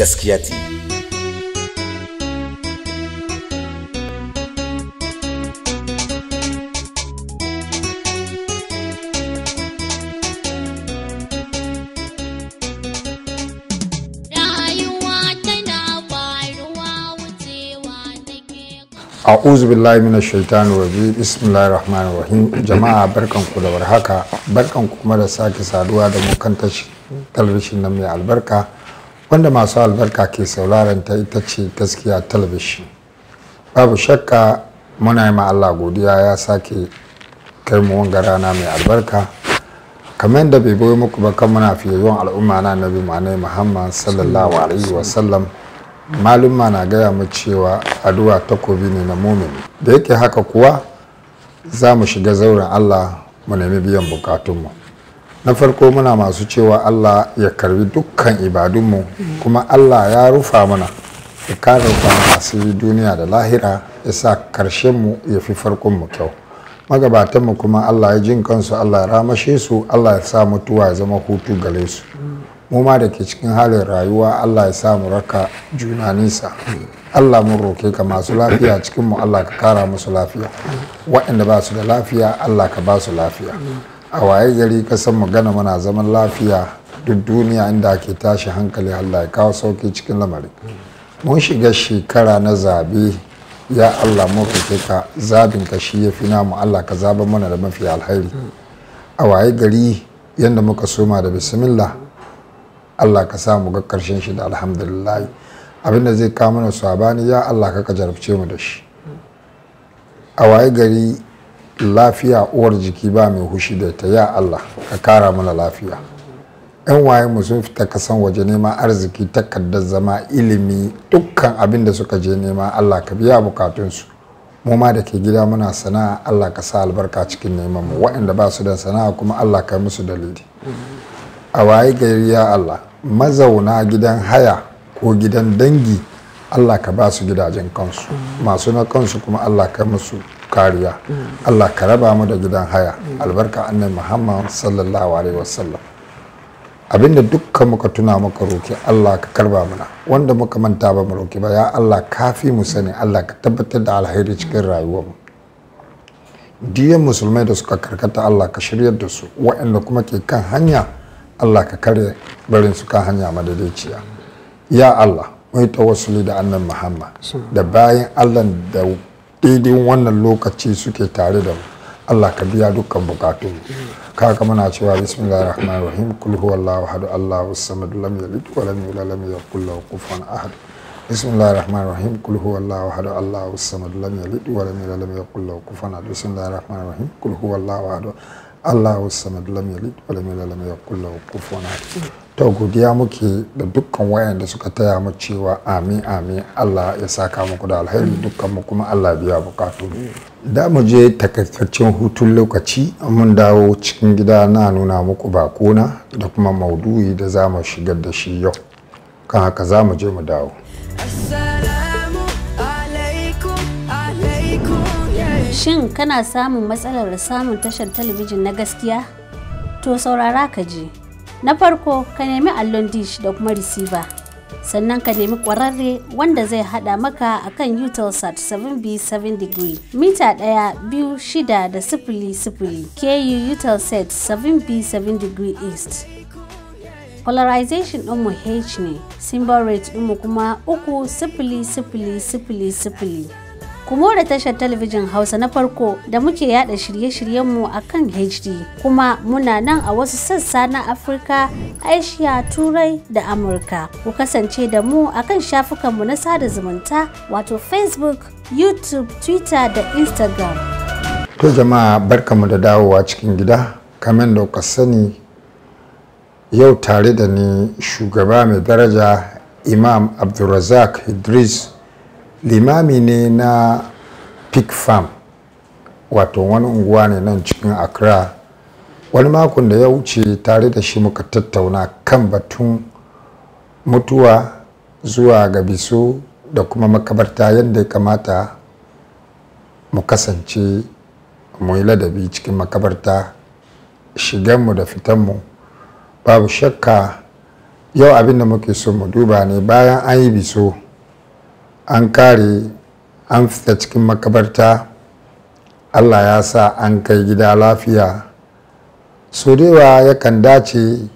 gaskiya ce yi a'udhu billahi minash shaitani rajim bismillahir rahmanir rahim jama'a barkanku da warhaka barkanku kuma da sake saduwa da mu kan talabishin na mai albarka wanda masu albarka ke sauraron ta ita ce gaskiya talabishin babu shakka muna yi Allah godiya ya sake kai mu wanga rana mai albarka kamar da bai goyi muku ba kan muna fiye yawan al'umma na nabi ma'anai muhammad sallallahu alaihi wasallam malumma na gaya mu cewa addu'a takobi ne na mumin da yake haka kuwa za mu shiga zauren allah mu nemi biyan bukatunmu na farko muna masu cewa allah ya karbi dukkan ibadunmu kuma allah ya rufa mana ya kare mana duniya da lahira ya sa mu ya fi farkonmu kyau magabatanmu kuma allah ya jin kansu allah ya ramashe su allah ya sa mutuwa ya zama hutu gare su mu ma da ke cikin halin rayuwa allah ya sa mu raka juna nisa allah mun roke ka masu lafiya cikinmu allah ka kara musu lafiya waɗanda ba su da lafiya allah ka ba su lafiya a waye gari kasan magana muna zaman lafiya duk duniya inda ake tashi hankali allah ya kawo sauki cikin lamarin mun shiga shekara na zabe ya allah mu ka zabin ka shi ya fi namu allah ka zaba mana da mafi alhari a waye gari yadda muka soma da bismillah allah ka samu ga karshen shi da alhamdulillah abinda zai kawo mana sabani ya allah ka ka jarabce mu da shi a waye gari lafiya uwar jiki ba mai hushi da ta ya Allah ka kara mana lafiya yan waye mu sun fita kasan waje nema arziki takardar zama ilimi dukkan abin da suka je nema Allah ka biya bukatunsu mu ma da ke gida muna sana'a Allah ka sa albarka cikin neman mu waɗanda ba su da sana'a kuma Allah ka musu dalili a waye gari ya Allah mazauna gidan haya ko gidan dangi Allah ka ba su gidajen kansu masu na kansu kuma Allah ka musu kariya Allah ka raba mu da gidan haya albarka annabi Muhammad sallallahu alaihi wasallam abinda dukkan muka tuna muka roki Allah ka karba mana wanda muka manta ba mu roki ba ya Allah kafi mu sani Allah ka tabbatar da alheri cikin rayuwar mu diyan musulmai da suka karkata Allah ka shiryar da su waɗanda kuma ke kan hanya Allah ka kare barin su kan hanya madadaciya ya Allah mai tawassuli da annan Muhammad da bayan Allah da daidai wannan lokaci suke tare da mu Allah ka biya dukkan bukatun kaga muna cewa bismillahir rahmanir rahim kul huwallahu ahad allahu samad lam yalid wa lam yulad lam yakul lahu kufuwan ahad bismillahir rahmanir rahim kul huwallahu ahad allahu samad lam yalid wa lam yulad lam yakul lahu kufuwan ahad bismillahir rahmanir rahim kul huwallahu ahad allahu samad lam yalid wa lam yulad lam yakul lahu kufuwan ahad to godiya muke da dukkan wayanda suka taya mu cewa amin amin Allah ya saka muku da alheri dukkan mu kuma Allah biya bukatu da mu je takaitaccen hutun lokaci mun dawo cikin gida na nuna muku bakona da kuma maudu'i da za mu shigar da shi yau kan haka za mu je mu dawo Shin kana samun matsalar samun tashar talabijin na gaskiya? To saurara ka je. na farko ka nemi allon dish da kuma receiver sannan ka nemi kwararre wanda zai hada maka akan utelsat 7b7 degree mita ɗaya biyu shida da sifili sifili ku utelsat 7b7 degree east polarization ɗinmu h ne symbol rate ɗinmu kuma uku sifili sifili sifili sifili kuma da tashar talabijin hausa na farko da muke yada shirye-shiryenmu a kan hd kuma muna nan a wasu sassa na afirka aishiya turai da amurka ku kasance da mu a kan shafukanmu na sada zumunta wato facebook youtube twitter da instagram to jama'a barkamu da dawowa cikin gida kamen da ka sani yau tare da ni shugaba mai daraja imam abdulrazak idris limami ne na pig farm wato wani unguwa ne nan cikin accra wani makon da ya wuce tare da shi muka tattauna kan batun mutuwa zuwa ga biso da kuma makabarta yadda ya kamata mu kasance mu yi ladabi cikin makabarta shiganmu da fitanmu babu shakka yau abin da muke so mu duba ne bayan an yi biso an kare an fita cikin makabarta allah ya sa an kai gida lafiya so dewa yakan dace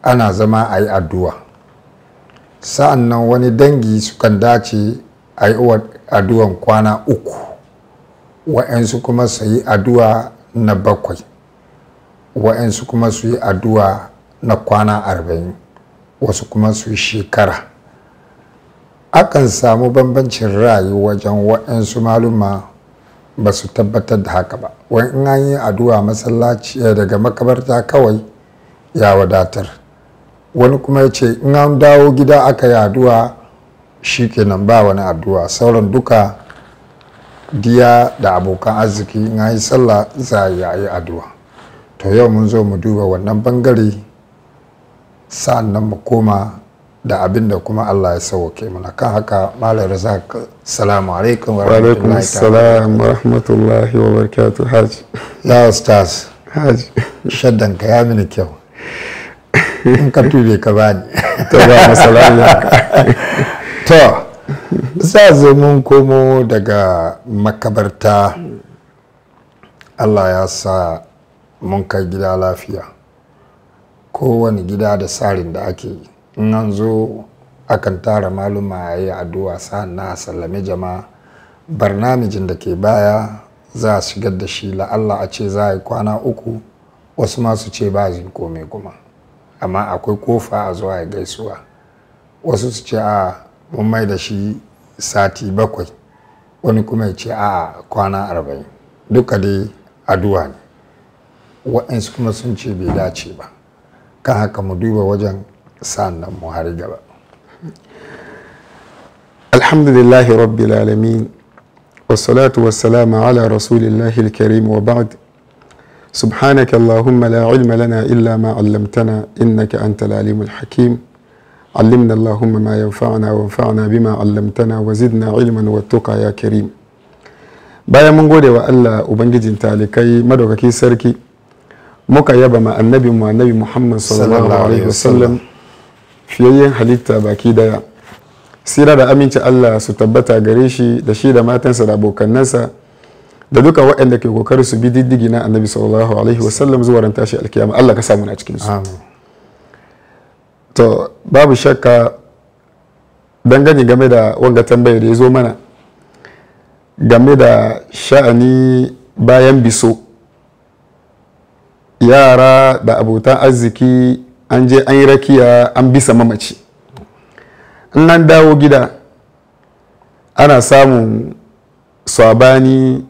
ana zama a yi addu'a sa'an nan wani dangi sukan dace a yi addu'an kwana uku wa'yansu kuma su yi addu'a na bakwai wa'yansu kuma su yi addu'a na kwana arba'in wasu kuma su yi shekara akan samu bambancin ra'ayi wajen waɗansu maluma ba su tabbatar da haka ba wani in an yi addu'a masallaci eh, daga makabarta kawai ya wadatar wani kuma ya ce in an dawo gida aka yi addu'a shi kenan ba wani addu'a sauran duka diya da abokan arziki in an yi sallah za a yi addu'a to yau mun zo mu duba wannan bangare sa'an nan mu koma da abin da kuma Allah ya sauke mana kan haka malar razak salamu alaikum wa alaikum salam wa rahmatullahi wa barakatuh haji ya ustaz hajj shaddan ka ya mini kyau in ka tube ka bani to ba mu haka to ustaz mun komo daga makabarta Allah ya sa mun kai gida lafiya kowane gida da tsarin da ake yi nan zo akan tara maluma ya yi addu'a sa'an a sallame jama'a barnamijin da ke baya za a shigar da shi la'alla a ce za a yi kwana uku wasu masu ce ba zai komai kuma amma akwai kofa a zuwa ya gaisuwa wasu su ce a mun mai da shi sati bakwai wani kuma ya ce a kwana arba'in duka dai addu'a ne waɗansu kuma sun ce bai dace ba kan haka mu duba wajen sannan mu har gaba alhamdulillahi rabbil alamin wasalatu wasalama ala rasulillahi alkarim wa ba'd subhanaka allahumma la ilma lana illa ma allamtana innaka anta alalimul hakim allimna allahumma ma yanfa'una wa yanfa'una bima allamtana wa zidna ilman watukaya tuka karim bayan mun gode wa Allah ubangijin talikai madaukaki sarki muka yaba ma annabi mu annabi muhammad sallallahu alaihi wasallam fiyayyen halitta baki daya sira da amince Allah su tabbata gare shi da shi da matansa da abokannansa da duka waɗanda ke kokarin su bi diddigi na annabi sallallahu alaihi wasallam zuwa ran tashi alkiyama Allah ka samu na cikin su to babu shakka dangane game da wanga tambayar ya zo mana game da sha'ani bayan biso yara da abotan arziki an je an yi rakiya an bisa mamaci in an dawo gida ana samun sabani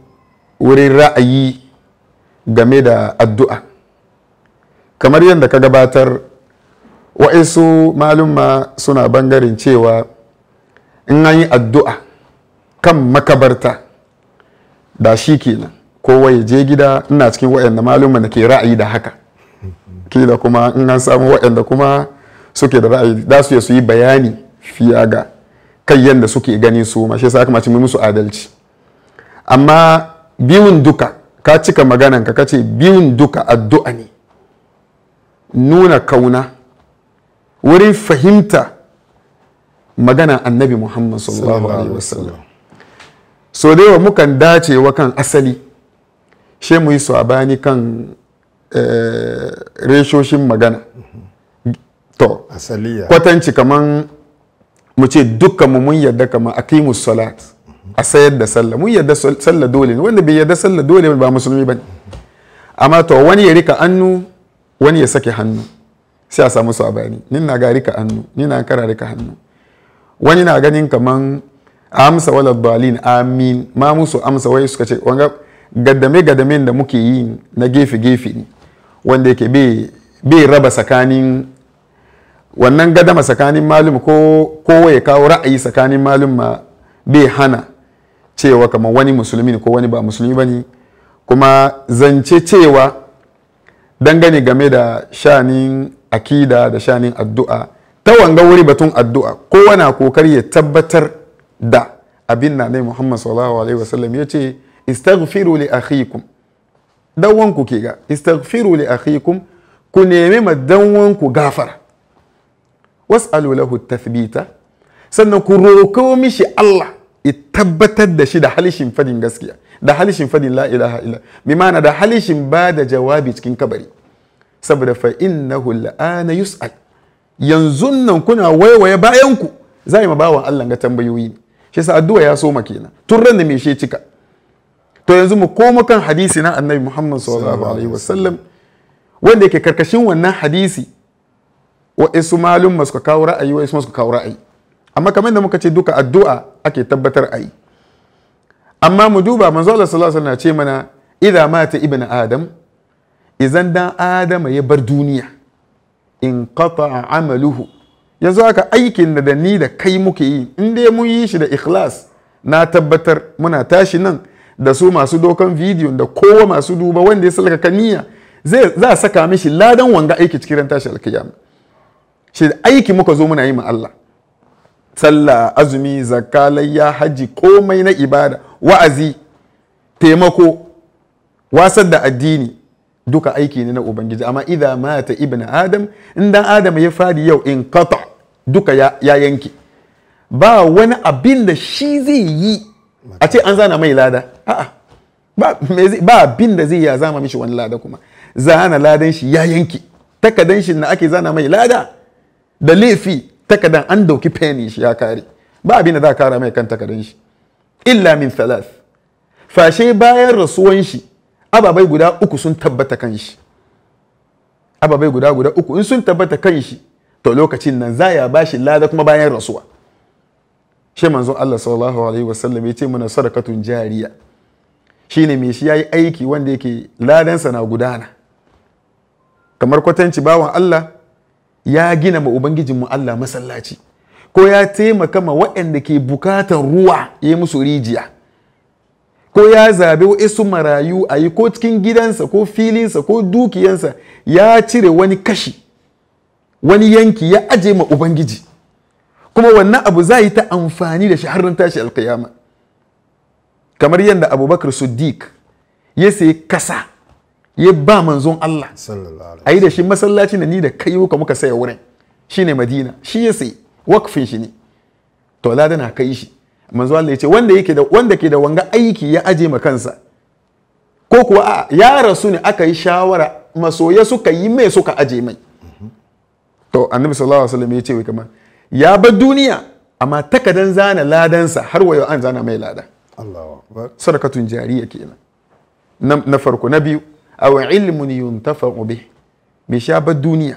wurin ra'ayi game da addu'a kamar yadda ka gabatar wa'insu malumma suna bangaren cewa in an yi addu'a kan makabarta da shi kenan kowa ya je gida ina cikin wa'yan da malumma da ke ra'ayi da haka kila kuma in an samu waɗanda kuma suke da ra'ayi za su su yi bayani fiya ga kai yadda suke gani su ma shi yasa aka mace musu adalci amma biyun duka ka cika maganan ka kace biyun duka addu'a ne nuna kauna wurin fahimta magana annabi muhammad sallallahu alaihi wasallam so dai wa mukan dacewa kan asali she mu yi sabani kan Eh, reshoshin magana to asaliya kwatanci kaman mu ce dukkan mu mun yadda kaman aqimus salat a sayar da sallah mun yadda sallah dole ne wanda bai yadda sallah dole ba musulmi bane amma to wani ya rika hannu wani ya sake hannu sai a samu sabani ni na ga rika hannu ni na kara rika hannu wani na ganin kaman amsa wala dalin amin ma musu amsa wai suka ce wanga gaddame gaddamen da muke yi na gefe gefe ne wanda yake bai raba tsakanin wannan gadama tsakanin malum ko ya kawo ra'ayi tsakanin malum ma bai hana cewa kamar wani musulmi ko wani ba musulmi ba ne kuma zance cewa dangane game da shanin akida da shanin addu'a ta wanga wuri batun addu'a kowa kokar kokari ya tabbatar da abin na nai muhammad sallallahu alaihi wasallam ya ce istaghfiru li akhikum dan wanku ke ga istaghfiru li akhikum ku nemi ma dan wanku gafara was'alu lahu tathbita sannan ku roko mishi Allah ya tabbatar da shi da halishin fadin gaskiya da halishin fadin la ilaha illa bi ma'ana da halishin ba da jawabi cikin kabari saboda fa innahu la'ana yus'al yanzu nan kuna waiwaye bayan ku zai ma bawan Allah ga tambayoyi shi sa addu'a ya soma kenan tun ran da me shi cika to yanzu mu koma kan hadisi na annabi muhammad sallallahu alaihi wasallam wanda yake karkashin wannan hadisi wa isu malum masu kawo ra'ayi wa isu masu kawo ra'ayi amma kamar da muka ce duka addu'a ake tabbatar ayi amma mu duba manzo Allah sallallahu alaihi wasallam ce mana idza mata ibnu adam idan dan adam ya bar duniya in qata amaluhu yanzu haka aikin da ni da kai muke yi in dai mun yi shi da ikhlas na tabbatar muna tashi nan da su masu dokan bidiyon da kowa masu duba wanda ya salaka niyya zai za saka mishi ladan wanga aiki cikin ran tashi alkiyama shi aiki muka zo muna yi ma Allah sallah azumi zakka layya haji komai na ibada wa'azi taimako wasar da addini duka aiki ne na ubangiji amma idan mata ibn adam in dan adam ya fadi yau in kata duka ya, ya yanke ba wani abin da shi zai yi a ce an zana mai lada a ba abin da zai ya zama mishi wani lada kuma zana ladan shi ya yanki takadan shi na ake zana mai lada da laifi takadan an dauki feni shi ya kare ba abin da za kara mai kan takadan shi illa min thalath fashe bayan rasuwan shi ababai guda uku sun tabbata kan shi ababai guda guda uku in sun tabbata kan shi to lokacin nan za ya bashi lada kuma bayan rasuwa shi manzon Allah sallallahu alaihi wasallam ya ce mana sadakatun jariya shine me shi yayi aiki wanda yake ladansa na gudana kamar kwatanci bawan Allah ya gina ma mu Allah masallaci ko ya taimaka ma waɗanda ke bukatan ruwa ya musu rijiya ko ya zabe wa'isu marayu a yi ko cikin gidansa ko filinsa ko dukiyansa ya cire wani kashi wani yanki ya aje ma ubangiji kuma wannan abu za yi ta amfani da shi har tashi alkiyama kamar yadda abubakar siddiq ya sayi kasa ya ba manzon Allah a yi da shi masallaci da ni da kai ka muka saya wurin shi ne madina shi ya sayi wakfin shi ne to lada na kai shi manzo Allah ya ce wanda yake da wanda ke da wanga aiki ya aje ma kansa ko kuwa a ya rasu ne aka yi shawara masoya suka yi mai suka aje mai mhm. to annabi sallallahu alaihi wasallam ya ce wai kamar ya bar duniya amma takadan zana ladansa har wayo an zana mai lada sadakatun jariya kenan na farko na biyu aw ilmun yuntafa'u bih bai sha bar duniya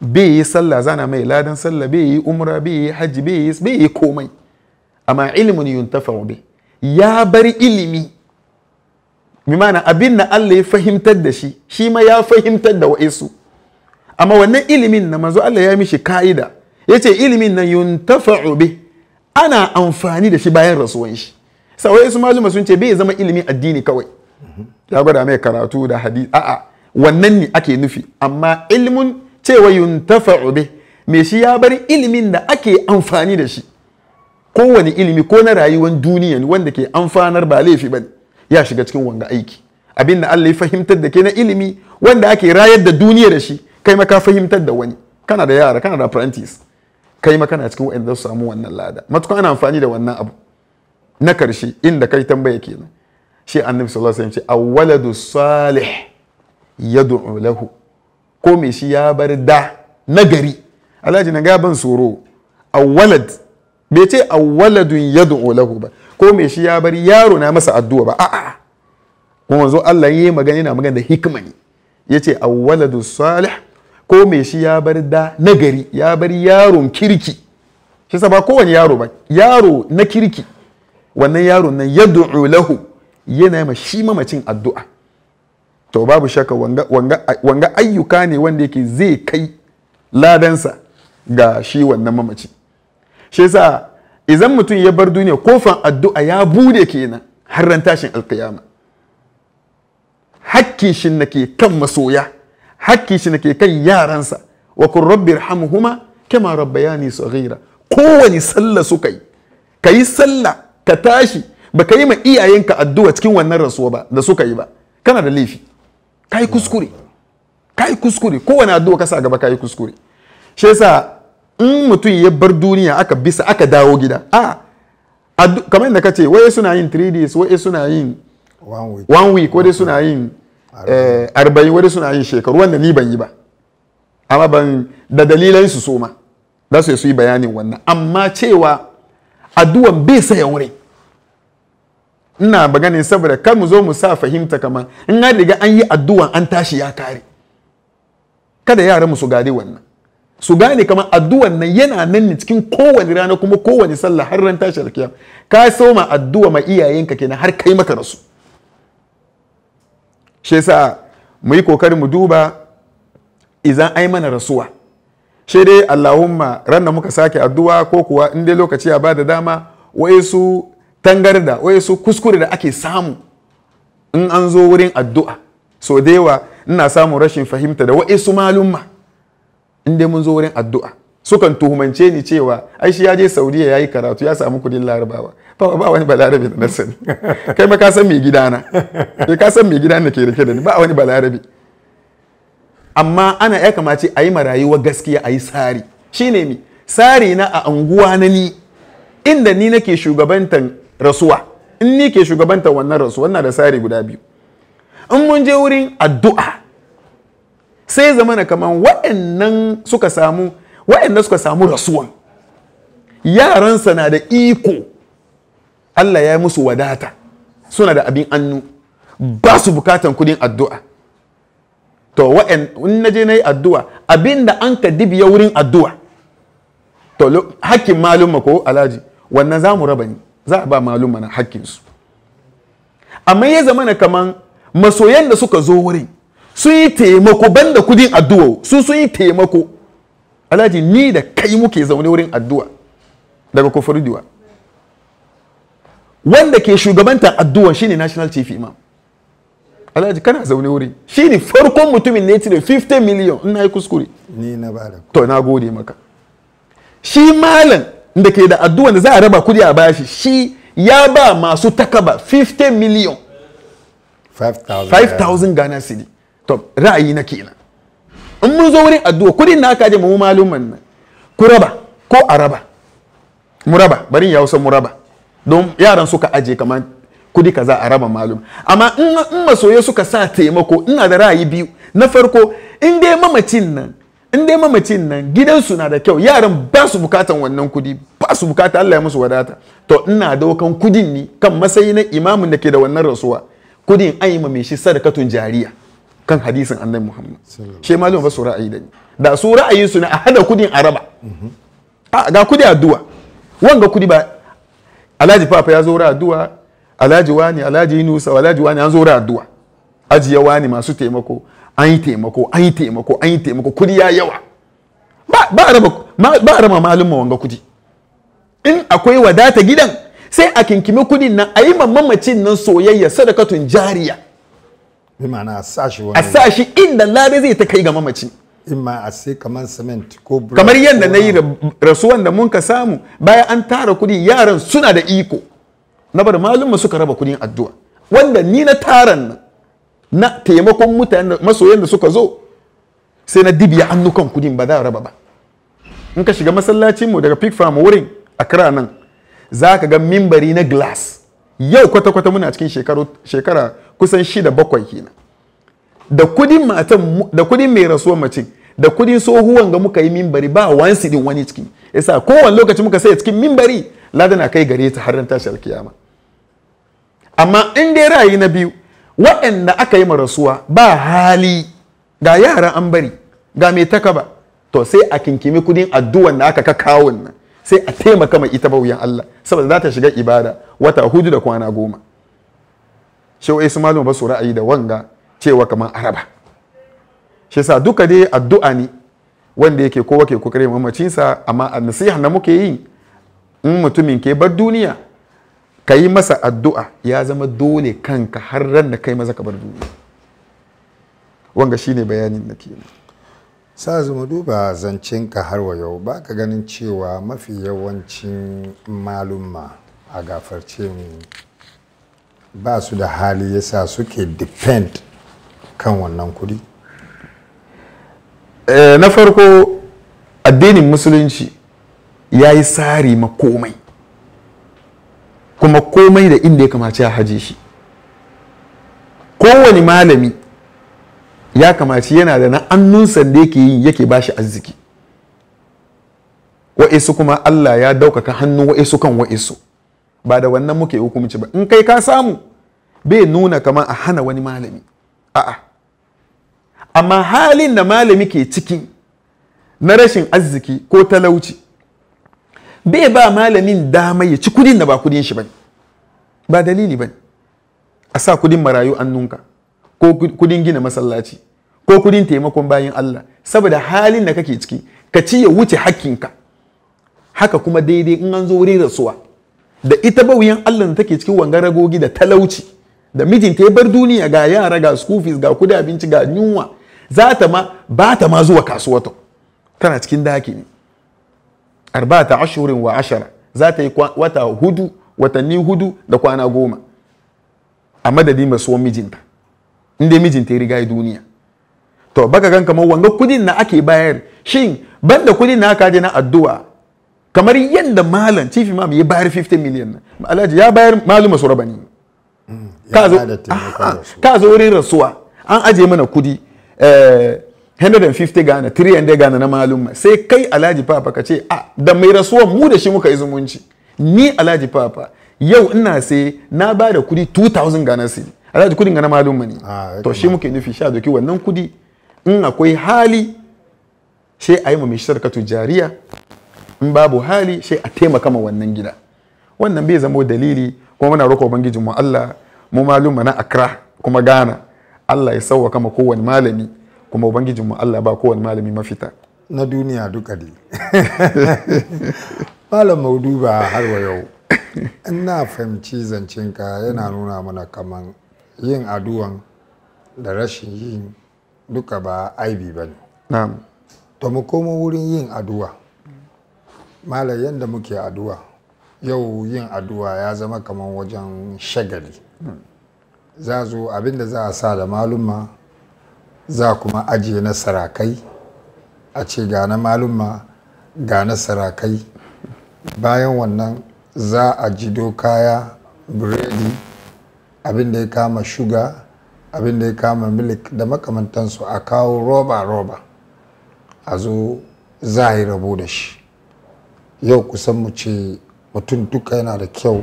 bai yi sallah zana mai ladan sallah bai yi umra bai yi hajji bai yi komai amma ilmun yuntafa'u bih ya bar ilimi bi mana abin da Allah ya fahimtar da shi shi ma ya fahimtar da wa'isu. amma wannan ilimin na mazu Allah ya mishi ka'ida yace ilimin na yuntafa'u bi ana amfani da shi bayan rasuwan shi sai su maluma sun ce bai zama ilimin addini kawai ya gwada mai karatu da hadisi a'a wannan ne ake nufi amma ilimin cewa yuntafa'u bi me shi ya bar ilimin da ake amfani da shi kowane ilimi ko na rayuwar duniya wanda ke amfanar ba laifi ba ya shiga cikin wanga aiki abin da Allah ya fahimtar da ke na ilimi wanda ake rayar da duniya da shi kai ma ka fahimtar da wani kana da yara kana da apprentice kai ma kana cikin wa'anda su samu wannan lada matuka ana amfani da wannan abu na karshe inda kai tambaya kenan shi annabi sallallahu alaihi wasallam ce awwaladu salih yad'u lahu ko me shi ya bar da nagari alhaji na gaban tsoro awwalad bai ce awwaladun yad'u lahu ba ko me shi ya bar yaro na masa addu'a ba a'a kuma zo Allah yayi magana yana magana da hikma ne yace awwaladu salih ko me shi ya bar da nagari ya bar yaron kirki shi ba kowane yaro ba yaro na kirki wannan yaron nan yad'u lahu yana ma shi mamacin addu'a to babu shaka wanga, ayyuka ne wanda yake zai kai ladansa ga shi wannan mamaci shi yasa idan mutum ya bar duniya kofan addu'a ya bude kenan har ran tashin alkiyama hakkin shin nake kan masoya hakki shi nake kan yaransa wa kun rabbi irhamhuma kama rabbayani saghira kowani sallah suka yi ka yi sallah ka tashi ba ka yi ma iyayenka addu'a cikin wannan rasuwa ba da suka yi ba kana da laifi ka yi kuskure ka yi kuskure kowani addu'a ka sa gaba ka yi kuskure shi yasa in mutum ya bar duniya aka bisa aka dawo gida a kamar yadda ka ce wai suna yin 3 days wai suna yin one week ko suna yin Eh, arba'in wani suna yin shekaru wanda ni ban yi ba amma ban da dalilan su soma ma za su yi bayanin wannan amma cewa addu'an bai saya wuri ina maganin saboda kar mu zo mu sa fahimta kamar in an riga an yi addu'an an tashi ya kare kada yaran mu su gane wannan su gane kamar addu'an nan yana nan ne cikin kowane rana kuma kowane sallah har ran tashi alkiyam ka soma addu'a ma iyayenka kenan har kai maka rasu shi yasa mu yi kokarin mu duba idan ai mana rasuwa shi dai Allahumma ranna muka sake addu'a ko kuwa in dai lokaci ya bada dama su tangarda su kuskure da ake samu in an zo wurin addu'a so da yawa ina samun rashin fahimta da su malumma in dai mun zo wurin addu'a sukan tuhumance ni cewa ai shi ya je saudiya ya yi karatu ya samu kudin larabawa ba ba wani balarabe da na kai ma ka san mai gidana kai eh, ka san mai gidana ke rike da ni ba wani balarabe amma ana ya kamace a yi marayuwa gaskiya a yi tsari shine mi tsari na a anguwa na ni inda ni nake shugabantan rasuwa in ni ke shugabantan wannan rasuwa na da tsari guda biyu in mun je wurin addu'a sai zamana kaman waɗannan suka samu waɗanda suka samu rasuwan yaransa na da iko Allah ya yi musu wadata suna da abin annu ba su bukatan kudin addu'a to wa'an in na je na yi addu'a abin an ka dibiya wurin addu'a to hakkin malumma ko alaji wannan za mu raba ni za a ba malumma na hakkinsu amma ya zama na kaman masoyan da suka zo wurin sun yi taimako banda kudin addu'a su sun yi taimako alhaji ni da kai muke zaune wurin addu'a daga kofar duwa wanda ke shugabanta addu'a shine national chief imam alhaji kana zaune wurin shine farkon mutumin ne cire 50 million in na yi kuskure ni na bada to na gode maka shi malam da ke da addu'a da za a raba kudi a bashi shi ya ba masu takaba 50 million 5000 Ghana cedi to ra'ayi na kenan in mun zo wurin addu'a kudin na aka je mu malumman nan ku raba ko a raba mu raba bari ya wasa mu raba don yaran suka aje kamar kudi kaza a raba malum amma in masoye suka sa taimako ina da ra'ayi biyu na farko in dai mamacin nan in dai mamacin nan gidansu na da kyau yaran ba su bukatan wannan kudi ba su bukata Allah ya musu wadata to ina wakan kudin ni kan masayi na imamin da ke da wannan rasuwa kudin an yi mai shi sadakatun jariya kan hadisin annabi muhammad shi ma ba su ra'ayi da ni da su ra'ayin su ne a hada kudin araba mhm. a ga kudi addu'a wanga kudi ba alhaji papa ya zo ra addu'a alhaji wani alhaji inusa alhaji wani an zo ra addu'a ajiya wani masu taimako an yi taimako an yi taimako an yi taimako kudi ya yawa ba a raba ba a raba ma wanga kudi in akwai wadata gidan sai a kinkimi kudin nan a yi mamacin nan soyayya sadakatun jariya a sa shi wani a sa shi inda lare zai ta kai ga mamaci a sai kamar cement ko kamar yadda na yi rasuwan da mun ka samu bayan an tara kudi yaran suna da iko na bar malumma suka raba kudin addu'a wanda ni na taran nan na taimakon mutane masoyan da suka zo sai na dibiya annukan kudin ba za a raba ba in ka shiga masallacin mu daga pig farm wurin a kira nan za ka ga mimbari na glass yau kwata-kwata muna cikin shekara kusan shida bakwai kenan da kudin matan da kudin mai rasuwar mace da kudin tsohuwan ga muka yi mimbari ba wani sidin wani ciki yasa kowane lokaci muka sai cikin mimbari ladana kai gare ta har tashi alkiyama amma in dai rayu na biyu waɗanda aka yi rasuwa ba hali ga yara an bari ga mai takaba to sai a kinkimi kudin addu'an da aka kakawun nan sai a taimaka mai ita bauyan Allah saboda za ta shiga ibada wata hudu da kwana goma shi wa ismailu ba su ra'ayi da wanga cewa kamar araba shi sa duka dai addu'a ne wanda yake kowa ke kokare mamacinsa amma a nasiha na muke yi in mutumin ke bar duniya ka yi masa addu'a ya zama dole kanka har ran da kai maza ka bar duniya wanga shine bayanin na kenan sa mu duba zancen ka har wa yau ba ka ganin cewa mafi yawancin malumma a gafarce mu ba su da hali yasa suke depend kan wannan kudi eh, na farko addinin musulunci ya yi tsari makomai kuma komai da inda ya kamace a haje shi kowane malami ya kamaci yana da na annunsa da yake yi yake ba shi arziki wa'isu kuma Allah ya daukaka hannun wa'isu kan wa'isu ba da wannan muke hukumci ba in kai ka samu bai nuna kamar a hana wani malami a'a amma halin da malami ke ciki na rashin arziki ko talauci bai ba malamin dama ya ci kudin da ba kudin shi ba ba dalili ba a sa kudin marayu annunka ko kudin gina masallaci ko kudin taimakon bayan Allah saboda halin da kake ciki ka ci ya wuce hakkinka haka kuma daidai in an zo wurin rasuwa da ita bawiyan Allah da take cikin wangar ragogi da talauci da mijinta ya bar duniya ga yara ga school fees ga kudi abinci ga yunwa za ta ma ba ta ma zuwa kasuwa ta tana cikin daki ne arba'ata ashurin wa ashara za ta yi wata hudu watanni hudu da kwana goma a madadin masuwan mijinta inda mijinta ya riga ya duniya to baka gan kamar wanga kudin na ake bayar shin banda kudin na aka je na addu'a kamar yadda malam chief imam ya bayar 15 million alhaji ya bayar malum su rabani mm, ah, ah, ka zo wurin rasuwa an aje mana kudi 150 gana 300 gana na malum sai kai alhaji papa ka ce a ah, da mai rasuwa mu da shi muka yi zumunci ni alhaji papa yau ina sai na ba da kudi 2000 gana sai alhaji kudin ga na malum ne ah, to shi muke nufi sha doki wannan kudi in akwai hali sai a yi ma mai sarkatu jariya in babu hali sai a taimaka ma wannan gida wannan bai zamo dalili kuma muna roƙa ubangijin mu Allah mu malumma na Accra kuma Ghana Allah ya sauwaka ma kowane malami kuma ubangijin mu Allah ba kowane malami mafita na duniya duka ne malam maudu ba har wa yau ina fahimci zancen zancenka yana nuna mana kaman yin aduwan da rashin yin duka ba aibi ba ne. To mu komo wurin yin aduwa. mala yadda muke aduwa, yau yin aduwa ya zama kamar wajen shagali. Za zo abinda za a sa da malumma za kuma ajiye na sarakai a ce ga na malumma ga na sarakai bayan wannan za a ji kaya biredi abin da ya kama shuga abin da ya kama milik da makamantansu a kawo roba-roba a zo za a yi rabo da shi yau kusan mu ce mutum duka yana da kyau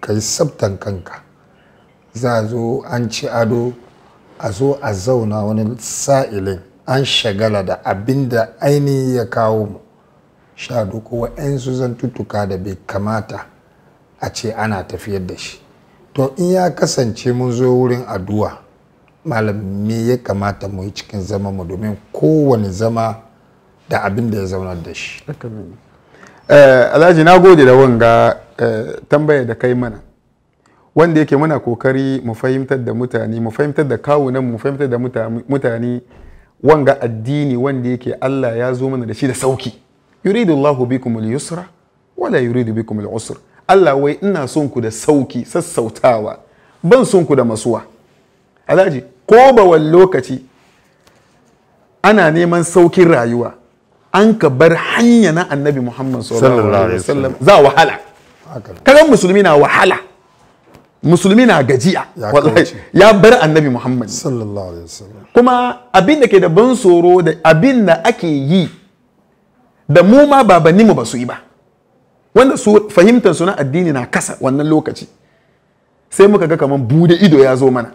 ka yi sabtan kanka za a zo an ci ado a zo a zauna wani sa'ilin an shagala da abin da ainihi ya kawo mu sha duk wa'yansu tutuka da bai kamata a ce ana tafiyar da shi to in ya kasance mun zo wurin addu'a malam me ya kamata mu yi cikin zama mu domin kowane zama da abin da ya zauna da shi eh, alhaji na gode da wanga eh, tambaya da kai mana wanda yake muna kokari mu fahimtar da mutane mu fahimtar da kawunan mu fahimtar da mutane wanga addini wanda yake Allah ya zo mana da shi da sauki yuridu Allahu bikum al-yusra wala yuridu bikum al-usra Allah wai ina son ku da sauki sassautawa ban son ku da masuwa alhaji ko bawan lokaci ana neman saukin rayuwa an ka bar hanya na annabi muhammad sallallahu alaihi wasallam za wahala kagan musulmi na wahala musulmi na gajiya ya bar annabi muhammad sallallahu alaihi wasallam kuma abin da ke da ban tsoro da abin da ake yi da mu ma babanni mu ba su yi ba wanda su fahimtar su na addini na kasa wannan lokaci sai muka ga kaman bude ido ya zo mana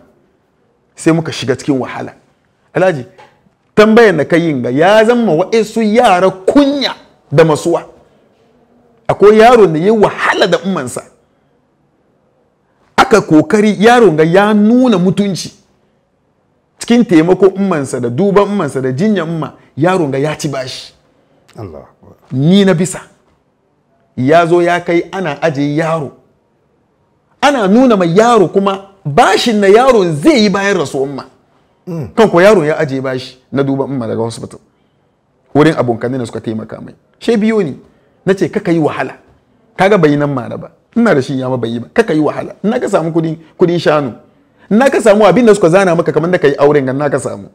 sai muka shiga cikin wahala alhaji tambayar da kai yin ga ya zama wa'isu yara kunya da masuwa akwai yaro da ya wahala da ummansa aka kokari yaro ga ya nuna mutunci cikin taimako ummansa da duban ummansa da jinya umma yaron ga ya ci bashi ni na bisa ya zo ya kai ana aje yaro ana nuna mai yaro kuma bashin na yaron zai yi bayan rasuwan ma mm. kan ko yaron ya aje bashi na duba umma daga hospital wurin abokanai da suka taimaka mai she biyo ni na ce kaka yi wahala kaga bai nan mara ba ina da shi ya ma bai yi ba kaka yi wahala ina ka samu kudin kudin shanu ina ka samu abin da suka zana maka kamar da kai auren ga na ka samu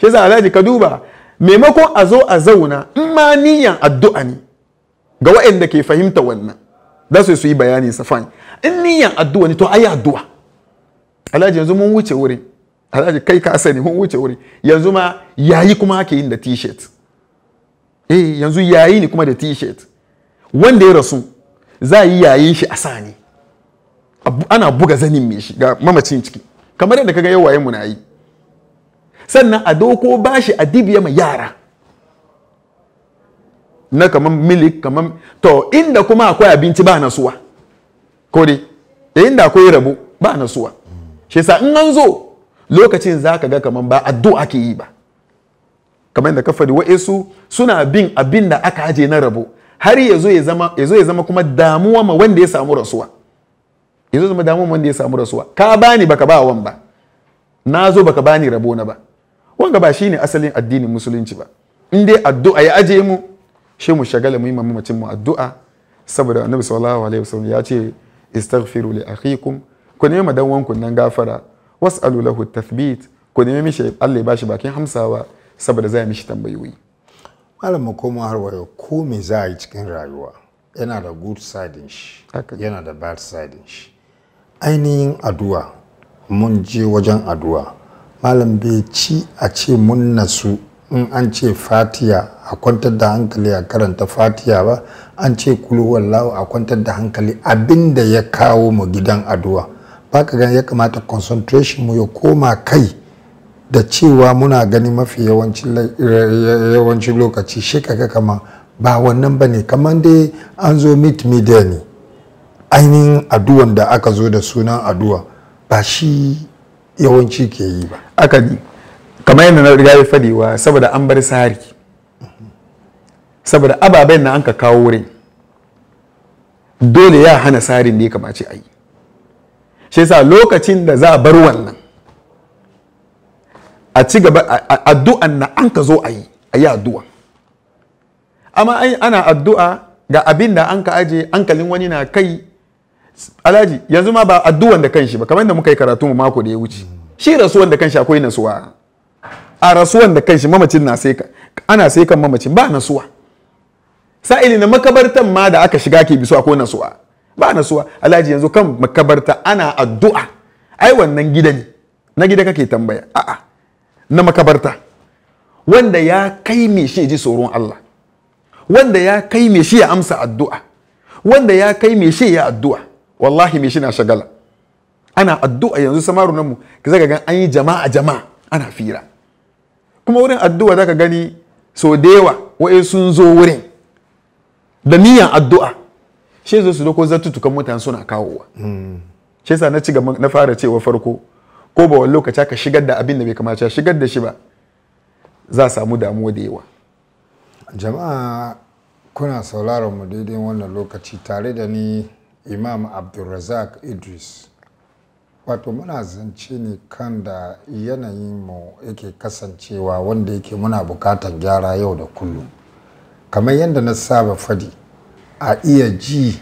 shi yasa alhaji ka duba maimakon a zo a zauna in ma niyan addu'a ne ga waɗanda ke fahimta wannan za su yi bayani safan in niyan addu'a ne to ayi addu'a alhaji yanzu mun wuce wurin alhaji kai ka sani mun wuce wurin yanzu ma yayi kuma ake yin da t-shirt eh yanzu yayi ne kuma da t-shirt wanda ya rasu za yi yayi shi a sani ana buga zanin mai shi ga mamacin ciki kamar yadda kaga yawaye mu na yi sannan a doko bashi a dibiya ma yara na kamar milik kamar to inda kuma akwai abinci ba nasuwa ko dai eh, inda akwai rabo ba nasuwa shi yasa in an zo lokacin za ka ga kamar ba addu'a ke yi ba kamar da ka wa'isu su suna bin abin da aka aje na rabo har ya zo ya zama kuma damuwa ma wanda ya samu rasuwa ya zo zama damuwa ma wanda ya samu rasuwa ka bani baka ba wan ba na zo baka bani rabo na ba wanga ba shine asalin addinin musulunci ba in dai addu'a ya aje mu shi mu shagala mu yi mamacin mu addu'a saboda annabi sallallahu alaihi wasallam ya ce istaghfiru li akhikum ku nemi dan wanku nan gafara was'alu lahu tathbit ku nemi mishi Allah ya bashi bakin hamsawa saboda zai mishi tambayoyi malam mu koma har wayo ko me za a yi cikin rayuwa yana da good side shi yana da bad side shi ainihin addu'a mun je wajen addu'a malam bai ci a ce mun nasu in an ce fatiya a kwantar da hankali a karanta fatiya ba an ce kulu wallahu a kwantar da hankali abinda ya kawo mu gidan addu'a ba ka ya kamata concentration mu ya koma kai da cewa muna gani mafi yawancin lokaci shi kaga kama ba wannan ba ne kamar dai an zo meet media ne ainihin addu'an da aka zo da sunan addu'a ba shi yawanci ke yi ba kamar yadda na riga ya fadewa saboda an bar sari saboda ababen na an ka kawo wurin dole ya hana sarin ne kamace a yi shi yasa lokacin da za a bar wannan a ci gaba addu'an na an ka zo a yi a yi addu'a amma ana addu'a ga abin da an ka aje hankalin wani na kai alhaji yanzu ma ba addu'an da kanshi ba kamar da muka yi karatu mu mako da ya wuce shi rasuwan da kanshi akwai nasuwa a rasuwan da kanshi mamacin na sai ana sai kan mamacin ba nasuwa sa'ili na makabartan ma da aka shiga ke bisuwa ko nasuwa ba nasuwa alhaji yanzu kan makabarta ana addu'a ai wannan gida ne na gida kake tambaya a'a na makabarta wanda ya kai me shi ji tsoron Allah wanda ya kai me shi ya amsa addu'a wanda ya kai me shi ya addu'a wallahi me shi na shagala ana addu'a yanzu samaru nan mu ka ga an yi jama'a jama'a ana fira kuma wurin addu'a zaka gani so da yawa wa'in sun zo wurin da niyan addu'a shi zo su doko zartutukan mutane suna kawowa shi yasa na ci gaba na fara cewa farko ko ba wani lokaci ka shigar da abin da bai kamata shigar da shi ba za a samu damuwa da yawa jama'a kuna sauraron mu daidai wannan lokaci tare da ni imam abdulrazak idris wato muna zance ne kan da yanayin mu yake kasancewa wanda yake muna bukatar gyara yau da kullum kamar yadda na saba fadi a iya ji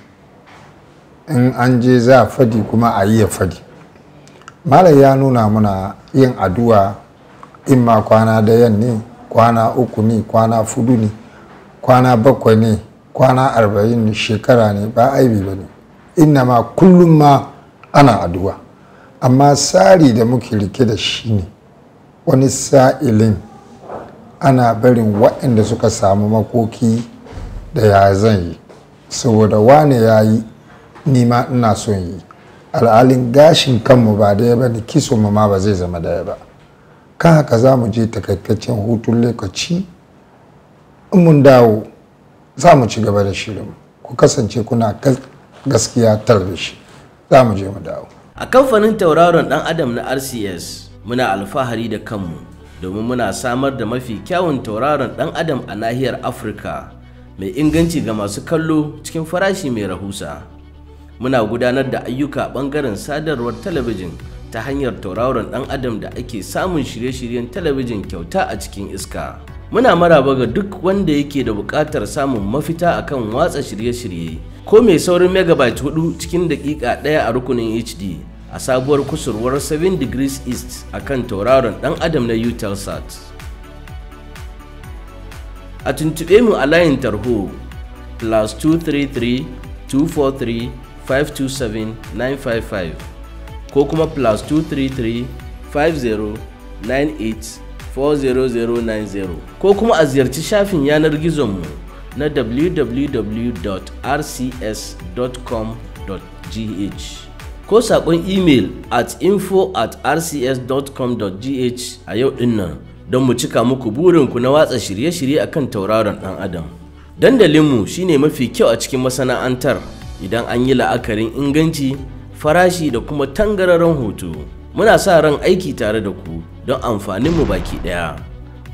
in an je za fadi kuma a iya fadi malam ya nuna muna yin addu'a in ma kwana dayan ne kwana uku ne kwana fudu ne kwana bakwai ne kwana arba'in shekara ne ba aibi ba ne inna ma kullum ma ana addu'a amma tsari da muke rike da shi ne wani sa'ilin ana barin waɗanda suka samu makoki da ya zan yi saboda wane ya yi nima ina son yi al'alin gashin kanmu ba daya ba da kiso ma ba zai zama daya ba kan haka za mu je takaitaccen hutun lokaci in mun dawo za mu ci gaba da shirin ku kasance kuna gaskiya da shi za mu je mu dawo A kamfanin tauraron ɗan Adam na RCS muna alfahari da kanmu domin muna samar da mafi kyawun tauraron ɗan Adam a nahiyar Afirka mai inganci ga masu kallo cikin farashi mai rahusa. Muna gudanar da ayyuka ɓangaren sadarwar talabijin ta hanyar tauraron ɗan Adam da ake samun shirye-shiryen talabijin kyauta a cikin iska. Muna maraba ga duk wanda yake da buƙatar samun mafita akan watsa shirye-shirye. ko mai saurin megabyte hudu cikin dakika daya a rukunin hd a sabuwar kusurwar 7 degrees east a kan tauraron dan adam na utelsat a tuntube mu a layin tarho plus 233 243 527 955 ko kuma plus 233 50 98 40090 ko kuma a ziyarci shafin yanar gizon mu na www.rcs.com.gh ko saƙon imel at info at rcs.com.gh a yau dinnan don mu cika muku burinku na watsa shirye-shirye a kan tauraron ɗan adam. Dandalinmu shine mafi kyau a cikin masana'antar idan an yi la'akarin inganci, farashi da kuma tangararren hoto. Muna sa ran aiki tare da ku don amfaninmu baki ɗaya.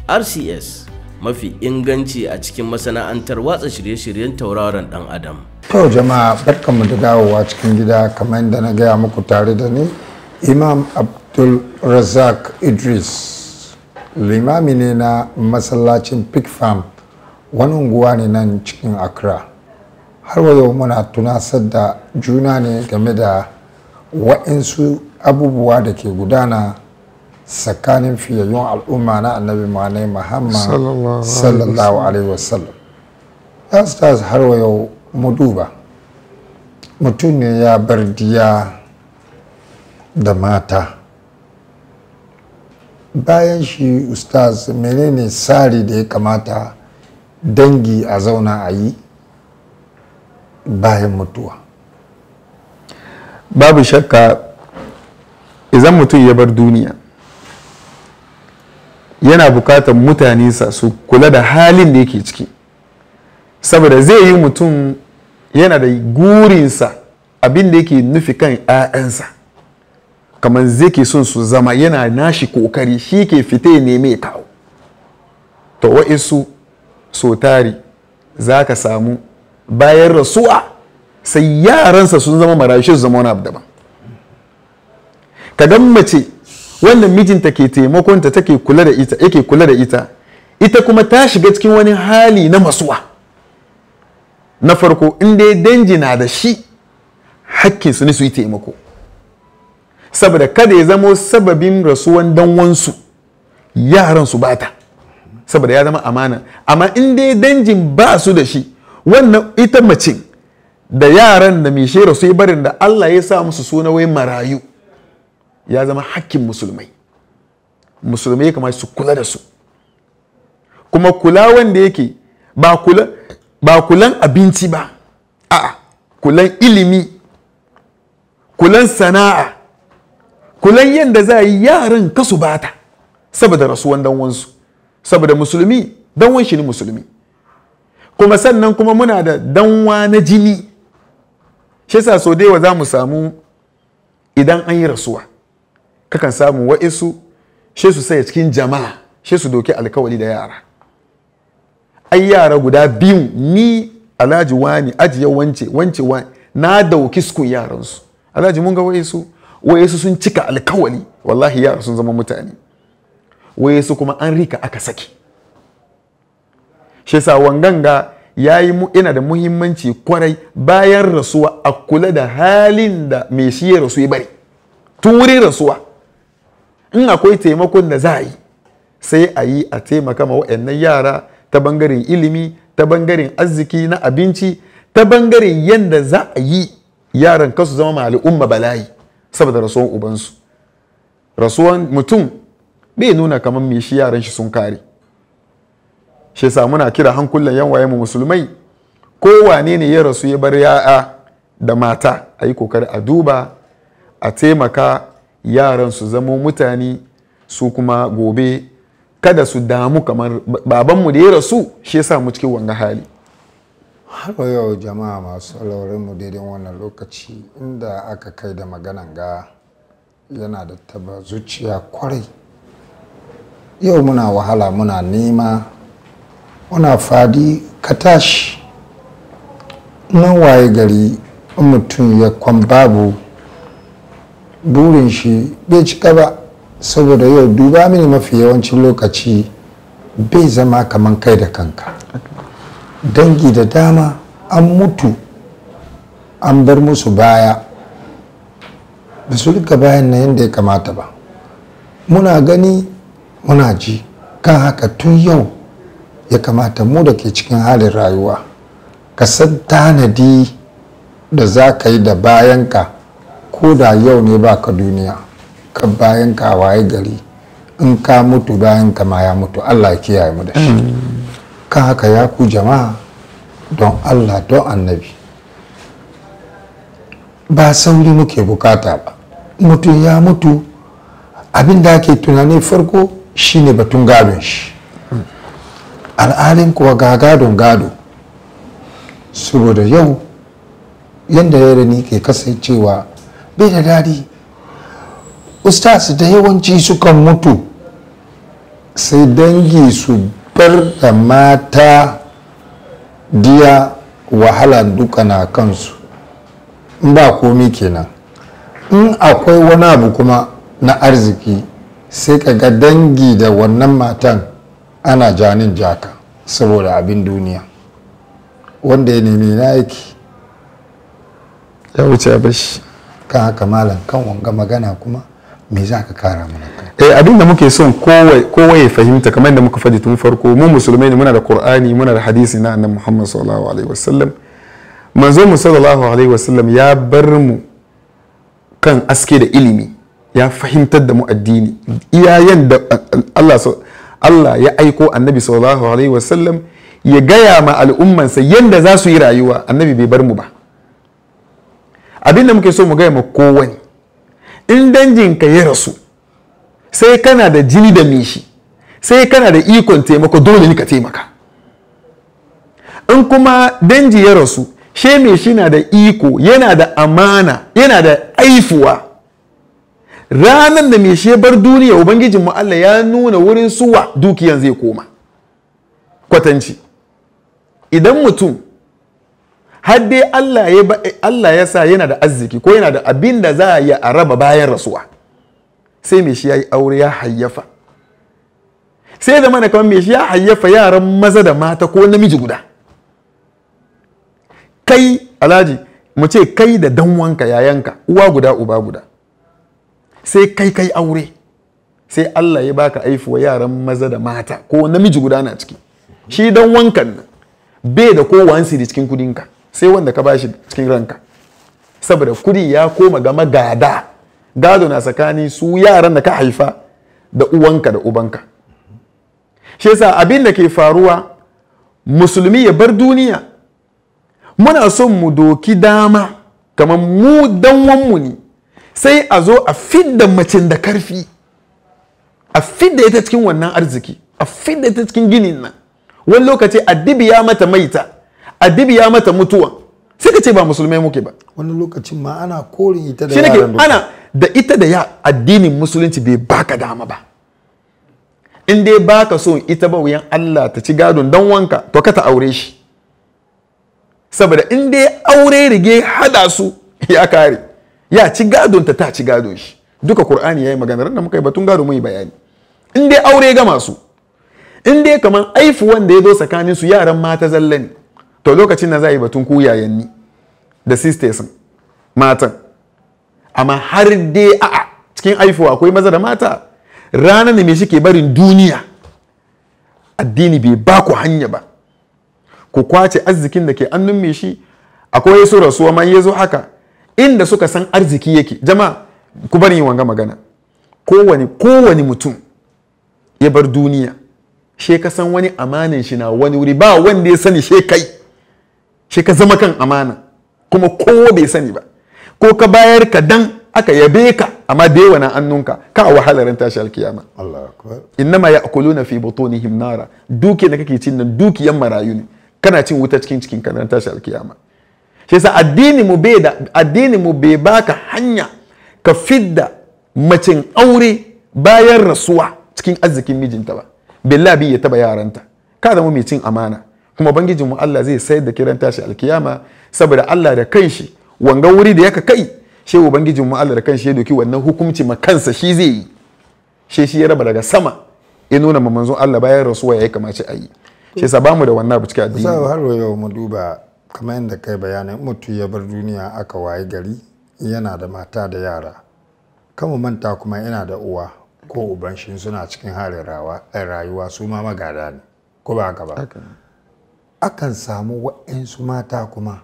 RCS mafi inganci a cikin masana'antar watsa shirye-shiryen tauraron dan adam to jama'a mu da dawowa cikin gida kamar yadda na gaya muku tare da ni imam abdul razak idris limami ne na masallacin pig farm wani unguwa ne nan cikin accra har yau muna tunasar da juna ne game da wa'insu abubuwa da ke gudana tsakanin fiyayyun al'umma na annabi ma'anai muhammad sallallahu alaihi wasallam ya stars har wa yau muduba ba. mutum ne ya bar diya da mata bayan shi ustaz menene tsari da ya kamata dangi a zauna a yi bayan mutuwa babu shakka idan mutum ya bar duniya yana bukatar mutane su kula da halin da yake ciki saboda zai yi mutum yana da gurinsa abin da yake nufi kan 'ya'yansa kamar zai ke son su zama yana nashi kokari shi ke fita ne mai kawo to wa'isu so tari za ka samu bayan rasuwa sai yaransa sun zama marashe su zama wani abu daban ka mace wannan mijinta ke taimakonta take kula da ita yake kula da ita ita kuma ta shiga cikin wani hali na masuwa na farko in dai danji na da shi hakkinsu ne su yi taimako saboda kada ya zama sababin rasuwan danwansu yaran su bata saboda ya zama amana amma in dai danjin ba su da shi wannan ita mace da yaran da mishe rasu barin da Allah ya sa musu suna wai marayu ya zama hakkin musulmai musulmai kamar su kula da su kuma kula wanda yake ba kulan abinci ba a'a kulan ilimi kulan sana'a kulan yadda za a yi yaran kasu bata saboda rasuwan danwansu saboda musulmi danwan shi ne musulmi kuma sannan kuma muna da danwa na jini shi sa so da yawa za mu samu idan an yi rasuwa kakan samu wa'isu she su sai cikin jama'a sai su doki alkawali da yara ai yara guda biyu ni alhaji wani ajiye wance wance wani na dauki sukun yaransu alhaji mun ga wa'isu wa'isu sun cika alkawali wallahi yara sun zama mutane wa'isu kuma an rika aka saki shi sa wanganga ya yi ina da muhimmanci kwarai bayan rasuwa a kula da halin da mai shi ya rasu ya bari tun wurin rasuwa in akwai taimakon da za a yi sai a yi a taimaka ma wa'annan yara ta bangaren ilimi ta bangaren arziki na abinci ta bangaren yadda za a yi yaran kasu zama ma al'umma bala'i saboda rasuwan ubansu rasuwan mutum bai nuna kamar me shi yaran shi sun kare shi sa muna kira hankulan yan waye mu musulmai ne ne ya rasu ya bar ya'a da mata a yi kokari a duba a taimaka yaran su zama mutane su kuma gobe kada su damu kamar babanmu da ya rasu shi yasa mu cikin wanga hali har yau jama'a masu mu daidai wannan lokaci inda aka kai da maganan ga yana da taba zuciya kwarai yau muna wahala muna nema muna fadi ka tashi nan waye gari mutum ya kwan babu burin shi bai cika ba saboda yau duba mini mafi yawancin lokaci bai zama kaman kai da kanka dangi da dama an mutu an bar musu baya ba su rika bayan na yadda ya kamata ba muna gani muna ji kan haka tun yau ya kamata mu da ke cikin halin rayuwa ka san tanadi da za ka yi da bayanka ko da yau ne baka duniya ka bayan ka waye gari in ka mutu bayan ka ma ya mutu Allah ya kiyaye mu da shi kan haka ya ku jama'a don Allah don annabi ba sauri muke bukata ba mutum ya mutu abin da ake tunani farko shine batun gadon shi al'adun kuwa ga gadon gado saboda yau yadda yare ni ke kasancewa bai da dadi ustaz da yawanci sukan mutu sai dangi su bar da mata diya wahala duka na kansu in ba komi kenan in akwai wani abu kuma na arziki sai ka ga dangi da wannan matan ana janin jaka saboda abin duniya wanda ya nemi na yake ya wuce bashi kan haka malam kan wanga magana kuma me za ka kara mana eh abin da muke son kowa ya fahimta kamar yadda muka faɗi tun farko mu musulmai ne muna da qur'ani muna da hadisi na annabi muhammad sallallahu alaihi wasallam manzo mu sallallahu alaihi wasallam ya bar mu kan aske da ilimi ya fahimtar da mu addini iyayen da Allah Allah ya aiko annabi sallallahu alaihi wasallam ya gaya ma al'ummansa yadda za su yi rayuwa annabi bai bar mu ba abinda muke so mu gaya ma kowani in ka ya rasu sai kana da jini da mishi sai kana da ikon taimako dole ne ka taimaka in kuma danji ya rasu she me shi na da iko yana da amana yana da aifuwa ranar da mai she bar duniya ubangijin mu Allah ya nuna wurin suwa dukiyan zai koma kwatanci idan mutum har dai Allah ya Allah ya sa yana da arziki ko yana da abin da za a yi a raba bayan rasuwa sai me shi yayi aure ya hayyafa sai da mana kamar me shi ya hayyafa yaran maza da mata ko namiji guda kai alhaji mu ce kai da danwanka yayanka uwa guda uba guda sai kai kai aure sai Allah ya baka aifuwa yaran maza da mata ko namiji guda na ciki shi dan wankan nan bai da ko wansi da cikin kudinka sai wanda ka bashi cikin ranka saboda kudi ya koma ga gada gado na tsakanin su yaran da ka haifa da uwanka da ubanka shi yasa abin da ke faruwa musulmi ya bar duniya muna son mu doki dama kamar mu danwanmu ne sai a zo a fidda macin da karfi a fidda ita cikin wannan arziki a fidda ita cikin ginin nan wani lokaci a dibiya mata maita addibi ya mata mutuwa sai ka ce ba musulmai muke ba wani lokacin ma ana korin ita da yaran ana da ita da ya addinin musulunci bai baka dama ba in dai baka so ita ba wuyan Allah ta ci gadon dan wanka to ka ta aure shi saboda in dai aure rige hada su ya kare ya ci gadon ta ta ci gadon shi duka Qur'ani yayi magana ran muka yi batun gado mun yi bayani in dai aure ga masu in dai kaman aifu wanda ya zo tsakanin su yaran mata zalla ne to lokacin na za yi batun ku yayanni da sisters matan amma har dai a a cikin aifuwa akwai maza da mata rana da me shi ke barin duniya addini bai ba ku hanya ba ku kwace arzikin da ke annun mai shi akwai yaso rasuwa ma ya zo haka inda suka san arziki yake jama ku bari yin wanga magana kowane kowane mutum ya bar duniya she ka san wani amanin shi na wani wuri ba wanda ya sani she kai shi ka zama kan amana kuma kowa bai sani ba ko ka bayar ka dan aka yabe ka amma da yawa na annunka ka a ran tashi alkiyama Allah akbar innama ya'kuluna fi butunihim nara duke da kake cin nan dukiyan marayu ne kana cin wuta cikin cikin ka ran tashi alkiyama shi yasa addini mu bai da addini baka hanya ka fidda macin aure bayan rasuwa cikin arzikin mijinta ba billahi ya taba yaranta ka zama mai cin amana kuma bangijin mu Allah zai sayar da kiran tashi alkiyama saboda Allah da kanshi wanga wuri da yaka kai shi ubangijin mu Allah da kanshi ya doki wannan hukunci ma kansa shi zai yi shi shi ya raba daga sama ya nuna ma manzon Allah bayan rasuwa ya kamace a yi shi sa bamu da wannan abu cikin addini sai har yau mu duba kamar yadda kai bayanai mutu ya bar duniya aka waye gari yana da mata da yara kama manta kuma yana da uwa ko uban shi suna cikin harin eh, rayuwa su ma magada ne ko ba haka ba akan samu waɗansu mata kuma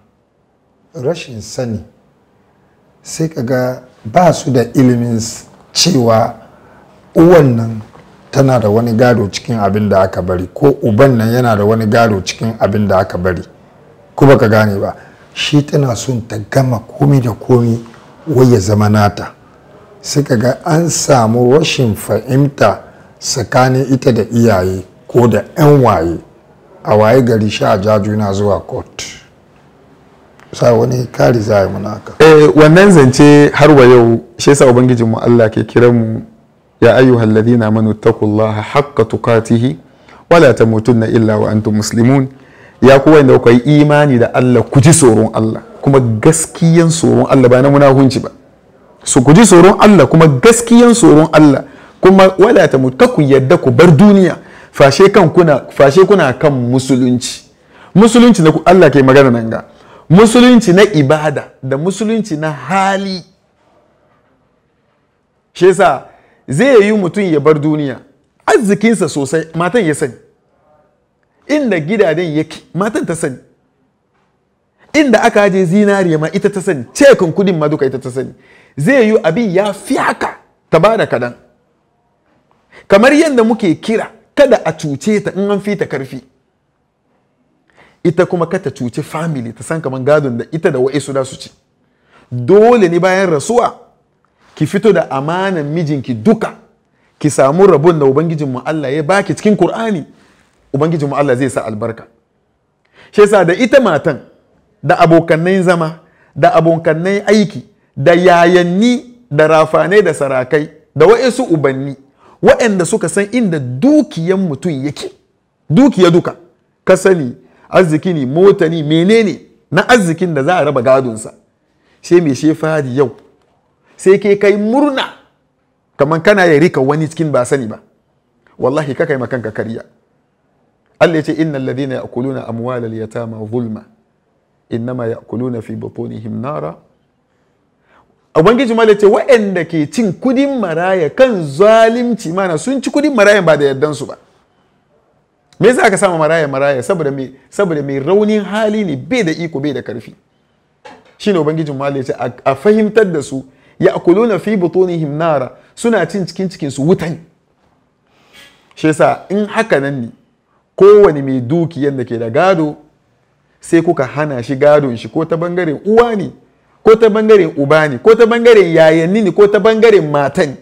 rashin sani sai kaga ba su da ilimin cewa uwan nan tana da wani gado cikin abin da aka bari ko uban nan yana da wani gado cikin abin da aka bari ko baka gane ba shi tana son ta gama komi da komi wai ya zama nata sai kaga an samu rashin fahimta tsakanin ita da iyaye ko da 'yan waye a waye gari sha ja juna zuwa court sa wani kari za a yi haka. eh wannan zance har wa yau shi yasa ubangijin mu Allah ke kiran mu ya ayyuhal ladina amanu taqullaha haqqa tuqatihi la tamutunna illa wa antum muslimun ya kuwa inda ku yi imani da Allah ku ji tsoron Allah kuma gaskiyan tsoron Allah ba na munahunci ba su ku ji tsoron Allah kuma gaskiyan tsoron Allah kuma wala ta ku yadda ku bar duniya fashe kan kuna fashe kuna kan musulunci musulunci na Allah ke magana nan ga musulunci na ibada da musulunci na hali shi yasa zai yi mutum ya bar duniya arzikinsa sosai matan ya sani inda gidajen yake matan ta sani inda aka je zinariya ma ita ta sani cekin kudin ma duka ita ta sani zai yi abin ya fi haka ta bada kadan kamar yadda muke kira kada a cuce ta in an fi ta karfi ita kuma kata cuce family ta san kaman gadon da ita da wa'isu da su ci dole ne bayan rasuwa ki fito da amanan mijinki duka ki samu rabon da ubangijinmu Allah ya baki cikin Kur'ani ubangijinmu Allah zai sa albarka shi yasa da ita matan da abokanai zama da abokanai aiki da yayanni da rafanai da sarakai da wa'isu ubanni waɗanda suka san inda dukiyan mutum yake dukiya duka ka sani arziki ne mota ne menene na arzikin da za a raba gadonsa sai mai shefari yau sai ke kai murna kamar kana ya rika wani cikin ba sani ba wallahi ka kai makanka karya Allah ya ce innal ladina ya'kuluna amwalal yatama zulma innama ya'kuluna fi butunihim nara ubangiji ma ce waɗanda ke cin kudin maraya kan zalimci mana sun ci kudin maraya ba da yardan ba me za ka sama maraya maraya saboda mai raunin hali ne bai da iko bai da karfi shine ubangijin ma ce a fahimtar da su na fi butunihim nara suna cin cikin cikinsu wutan shi yasa in haka nan ne kowane mai dukiyan da ke da gado sai kuka hana shi gadon shi ko ta bangaren uwa ne ko ta bangaren uba ne ko ta bangaren yayanni ne ko ta bangaren matan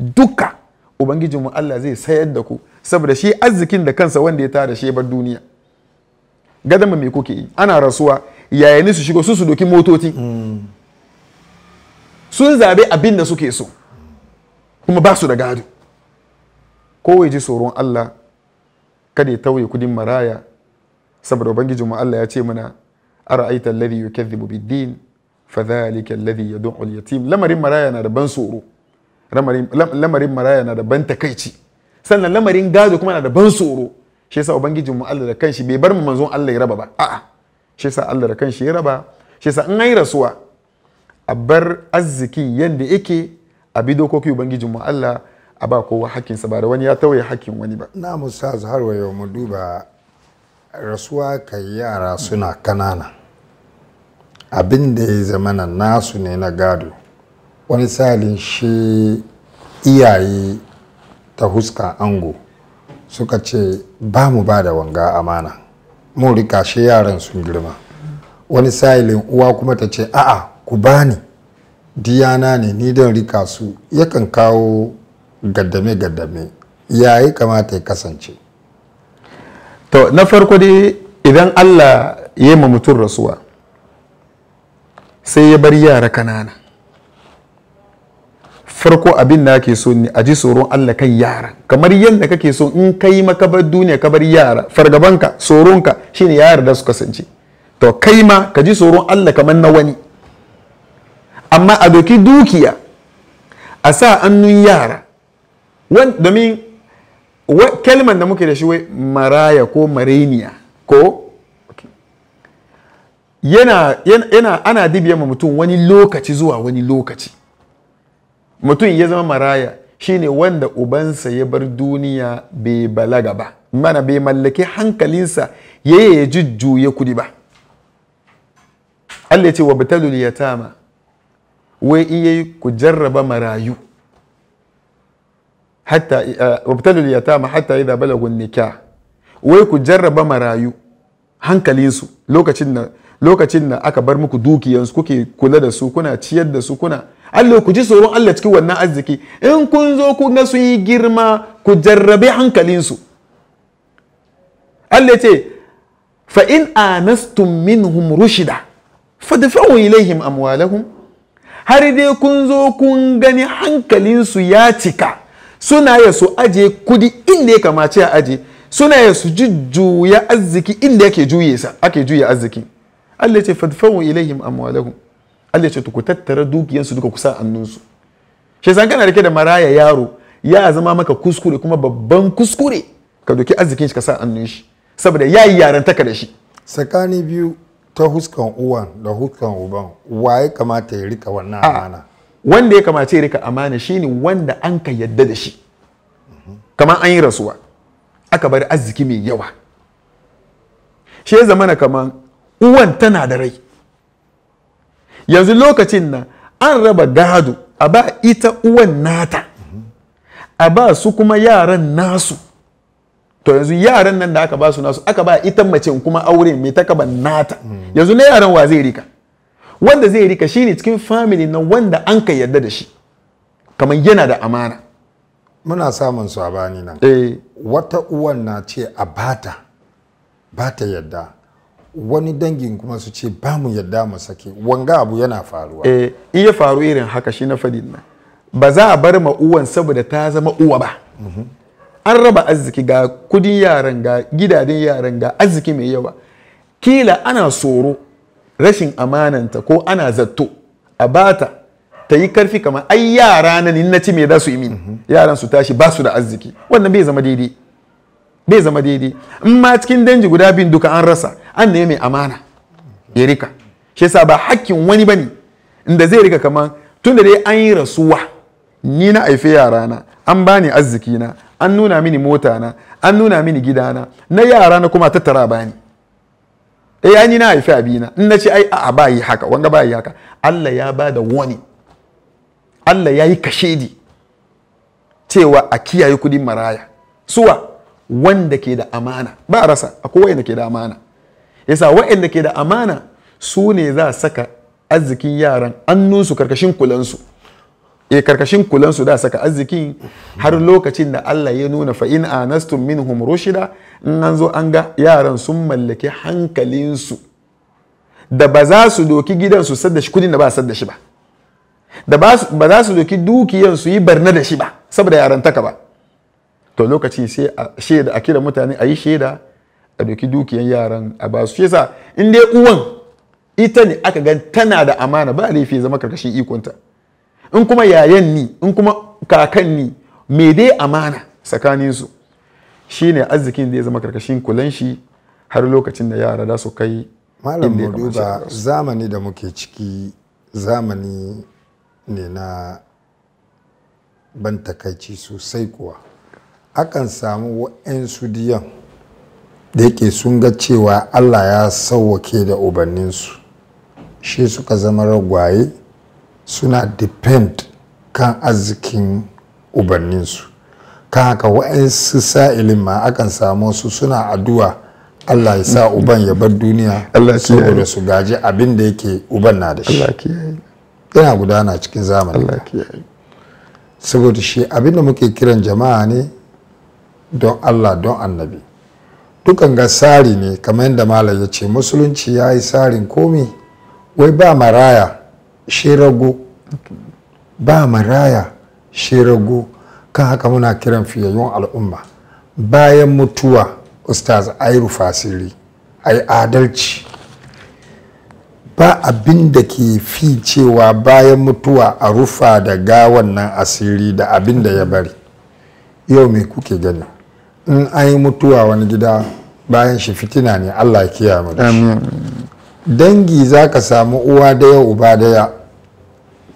duka mu Allah zai sayar da ku saboda shi arzikin da kansa wanda ya tara shi bar duniya gadama me kuke yi ana rasuwa yayanni su shigo su su doki motoci sun zabe abin da suke so kuma ba su da gado kowai ji tsoron Allah kada ya tauye kudin maraya saboda ubangijin mu Allah ya ce mana ara'aita alladhi yukathibu bid-din fa dhalika alladhi yad'u al-yatim lamarin maraya na da ban tsoro lamarin maraya na da ban takaici sannan lamarin gado kuma na da ban tsoro shi yasa ubangijin mu Allah da kanshi bai bar mu manzon Allah ya raba ba a'a shi yasa Allah da kanshi ya raba shi yasa an ai rasuwa a bar arziki yanda yake a bi dokoki ubangijin mu Allah a ba kowa hakkinsa ba da wani ya tauye hakkin wani ba na musa har wa mu duba rasuwa kan yara suna ƙanana. abin da ya zama na nasu ne na gado wani salin shi iyaye ta huska ango suka ce ba mu ba da wanga amana mun rika shi yaran sun girma wani sa'ilin uwa kuma ta ce a'a ku bani diyana ne ni don rika su yakan kawo gaddame-gaddame yayi kamata ya kasance to na farko dai idan allah ya yi mutum rasuwa sai ya bar yara kanana farko abin da ake so ne a ji tsoron Allah kan yara kamar yadda kake so in kai makabar duniya ka bar yara fargabanka tsoronka shine yara da su kasance to kai ma ka ji tsoron Allah kamar na wani amma a doki dukiya a sa annun yara domin kelman da muke da shi wai maraya ko marainiya ko yana, yana ana dibiya ma mutum wani lokaci zuwa wani lokaci mutum ya zama maraya shine wanda ubansa ya bar duniya bai balaga ba mana bai mallaki hankalinsa ya yi ya jujjuya kudi ba Allah ya ce wa batalul yatama wai iya ku jarraba marayu hatta uh, wabtalul yatama hatta idza balagun nikah wai ku jarraba marayu hankalinsu lokacin nan. lokacin da aka bar muku dukiyansu kuke kula da su kuna ciyar da su kuna Allah ku ji tsoron Allah cikin wannan arziki in kun zo ku ga sun yi girma ku jarrabe hankalinsu Allah ce fa in anastum minhum rushida fadfa'u ilaihim amwalahum har dai kun zo kun gani hankalinsu ya cika suna ya su aje kudi inda ya kamace a aje suna ya su jujjuya arziki inda ake juya arziki Allah ce fadfawu ilaihim amwalahum Allah ce ku tattara dukiyansu duka kusa annunsu shi san kana rike da maraya yaro ya zama maka kuskure kuma babban kuskure ka doki arzikin shi ka sa annun shi saboda yayi yaran taka da shi tsakani biyu ta huskan uwan da huskan uban waye kamata ya rika wannan amana wanda ya kamata ya rika amana shine wanda an ka yadda da shi kamar an yi rasuwa aka bar arziki mai yawa shi ya zamana kamar uwan tana da rai yanzu lokacin nan an raba gado a ba ita uwan nata a ba su kuma yaran nasu to yanzu yaran nan da aka ba su nasu aka ba ita mace kuma aure mai takaba nata yanzu na yaran wa zai rika wanda zai rika shine cikin family na wanda an ka yarda da shi kamar yana da amana muna samun bani nan eh wata uwan na ce a bata bata yadda wani dangin kuma su ce ba mu yadda mu sake wanga abu yana faruwa eh iya faru irin haka shi na fadin nan ba za a bar ma uwan saboda ta zama uwa ba an raba arziki ga kudin yaran ga gidajen yaran ga arziki mai yawa kila ana tsoro rashin amananta ko ana zato a bata ta yi karfi kamar ai yara na ni na ci me za su yi min yaran su tashi ba su da arziki wannan bai zama daidai bai zama daidai in ma cikin danji guda biyun duka an rasa an ne mai amana ya rika shi yasa ba hakkin wani bane inda zai rika kaman tun da dai an yi rasuwa ni na haife yarana an bani arziki na an nuna mini mota na an nuna mini gidana na yara na kuma tattara bani eh ni na haifi abina in na ce ai a'a ba yi haka wanga ba yi haka Allah ya ba da wani Allah ya yi kashedi cewa a kiyaye kudin maraya suwa wanda ke da amana ba rasa akwai wanda ke da amana yasa waɗanda ke da amana su ne za a saka arzikin yaran annunsu karkashin kulansu e karkashin kulansu da saka arzikin har lokacin da Allah ya nuna fa in anastum minhum rushida in an zo an ga yaran sun mallaki hankalinsu da ba za su doki gidan su sadda shi kudin da ba sadda shi ba da ba za su doki dukiyan su yi barna da shi ba saboda yaran taka ba to lokaci sai a shaida a kira mutane a yi shaida a doki dukiyan yaran a ba su yasa in dai uwan ita ne aka gan tana da amana ba laifi zama karkashin ikonta in kuma yayan ni in kuma kakan ni me dai amana tsakanin su shine arzikin da ya zama karkashin kulan shi har lokacin da yara da su kai malam mu zamani da muke ciki zamani ne na ban takaici sosai kuwa akan samu wa'yansu diyan da yake sun ga cewa allah ya sauwake da ubanninsu shi suka zama ragwaye suna depend kan arzikin ubanninsu kan haka wa'yansu sa'ilin ma akan samu su suna addu'a allah ya sa uban ya bar duniya saboda su gaji abin da yake uban na da shi yana gudana cikin zamani saboda shi abin da muke kiran jama'a ne don Allah don annabi dukan ga tsari ne kamar yadda malam ya ce musulunci ya yi tsarin komi wai ba maraya shi rago ba maraya shi rago kan haka muna kiran fiyayyun al'umma bayan mutuwa ustaz a yi rufasiri a yi adalci ba abin da ke fi cewa bayan mutuwa a rufa da gawan nan asiri da abin da ya bari yau me kuke gani in an yi mutuwa wani gida bayan shi fitina ne allah ya kiya mu dangi za ka samu uwa da daya uba ya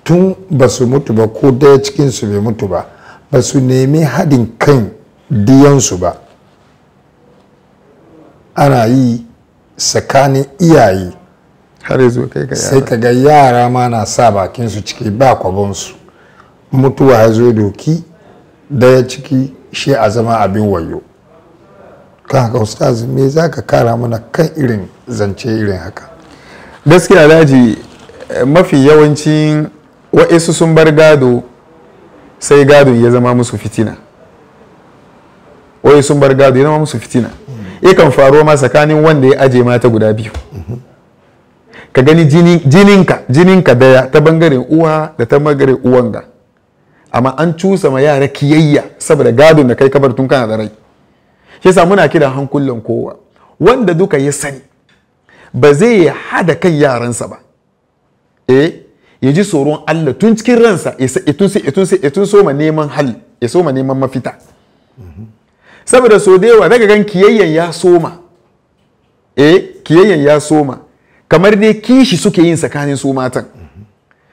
tun ba su mutu ba ko daya cikinsu bai mutu ba ba su nemi haɗin kan diyansu ba ana yi tsakanin iyaye sai ka ga yara ma na sa bakin su ciki ba kwabonsu mutuwa ya zo doki daya ciki shi a zama abin wayo kan haka ustaz me za ka kara mana kan irin zance irin haka gaskiya daji mafi yawancin wa'isu sun bar gado sai gado ya zama musu fitina wai sun bar gado ya zama musu fitina mm. yakan faruwa ma tsakanin wanda ya aje mata guda biyu mm-hmm. ka gani jininka jininka daya ta bangaren uwa da ta bangaren uwanga amma an cusa ma yara kiyayya saboda gadon da kai kabar tun kana da rai shi yasa muna kira hankulan kowa wanda duka ya sani ba zai hada kan yaransa ba eh ya ji tsoron Allah tun cikin ransa ya tun ma neman hal ya ma neman mafita saboda so da yawa daga gan kiyayyan ya soma eh kiyayyan ya soma kamar dai kishi suke yin tsakanin su matan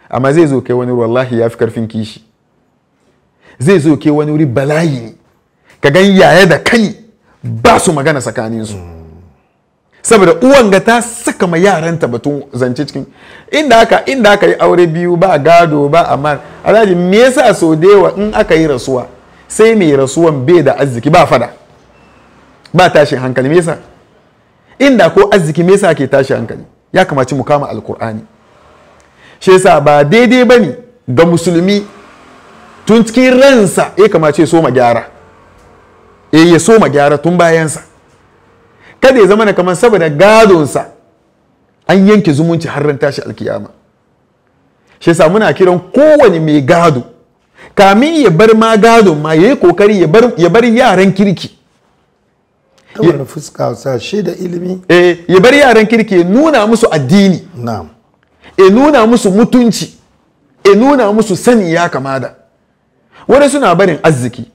amma zai zo kai wani wallahi ya fi karfin kishi zai zo ke wani wuri balayi ne ka gan yaya da kani ba su magana tsakaninsu saboda uwan ga ta saka ma yaranta batun zance cikin inda aka inda aka yi aure biyu ba gado ba amma alhaji me yasa so dewa in aka yi rasuwa sai mai rasuwan bai da arziki ba fada ba tashin hankali me yasa inda ko arziki me yasa ke tashi hankali ya kamaci mu kama alkur'ani shi yasa ba daidai bane ga musulmi tun cikin ransa ya eh, kamace so ma gyara eh ya so ma gyara tun bayansa kada ya zama na kamar saboda gadonsa an yanke zumunci har ran tashi alkiyama shi yasa muna kiran kowane mai gado kamin ya bar ma gado ma yayi kokari ya bar yaran kirki fuska sa shi da ilimi eh ya bar yaran kirki ya nuna musu addini na'am ya nuna musu mutunci ya nuna musu sani ya kamada wani suna barin arziki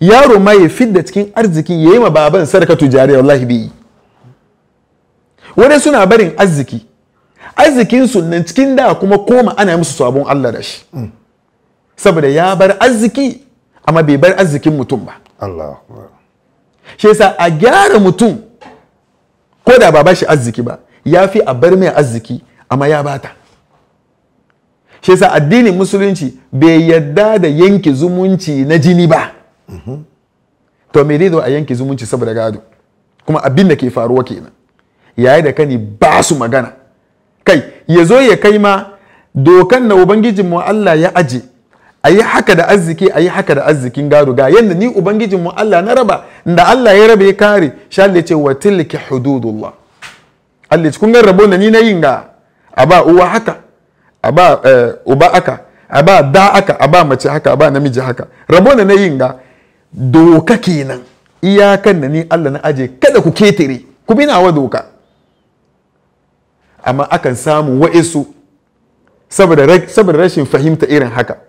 yaro ma ya fidda cikin arziki ya yi ma baban sadaka tujariya wallahi bi wani suna barin arziki arzikin su nan cikin da kuma koma ana musu sabon Allah da shi saboda ya bar arziki amma bai bar arzikin mutum ba Allah shi yasa a gyara mutum ko da ba ba shi arziki ba ya fi a bar mai arziki amma ya bata shi yasa addinin musulunci bai yadda da yanke zumunci na jini ba to me a yanke zumunci saboda gado kuma abin da ke faruwa kenan yayi da kani ba su magana kai ya zo ya kai ma dokan na mu Allah ya aje Ayi haka da arziki Ayi haka da arzikin gado ga yadda ni ubangijin mu Allah na raba da Allah ya raba ya kare sha Allah ce wa tilki hududullah Allah kun ga rabo na ni na yin ga a ba uwa haka a ba eh, uba aka a da aka a ba mace haka aba namiji haka rabo na yin ga doka kenan iyakan na ni Allah na aje kada ku ketare ku bi nawa doka amma akan samu wa'isu saboda rashin fahimta irin haka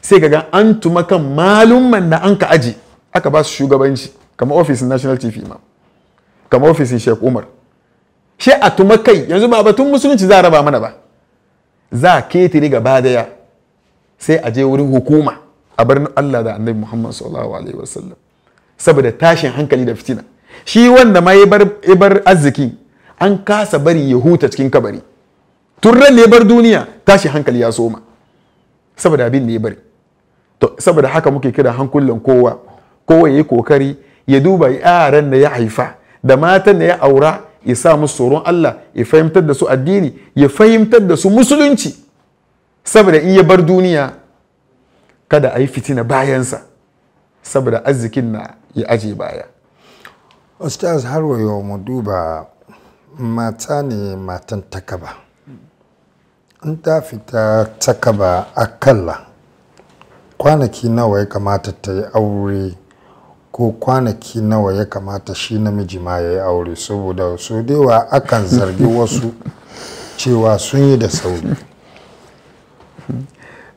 sai kaga an tuma kan malumman da an ka aje aka ba su shugabanci kamar ofisin national tv ma kamar ofisin Sheik umar shi a tuma kai yanzu ba batun musulunci za a raba mana ba za a ketare gaba daya sai a je wurin hukuma a bar Allah da annabi Muhammad sallallahu alaihi wasallam saboda tashin hankali da fitina shi wanda ma ya bar arziki an kasa bari ya huta cikin kabari turran ne bar duniya tashin hankali ya soma saboda abin da ya bari saboda haka muke kira hankulan kowa kowa ya yi kokari ya duba yaran da ya haifa da matan da ya aura ya sa musu tsoron Allah ya fahimtar da su addini ya fahimtar da su musulunci saboda in ya bar duniya kada a yi fitina bayansa saboda arzikin na ya aje baya ustaz har wayo mu duba mata ne matan takaba in ta fita takaba a kalla kwanaki nawa ya kamata ta yi aure ko kwanaki nawa ya kamata shi namiji ma ya yi aure saboda so dewa akan zargi wasu cewa sun yi da sauri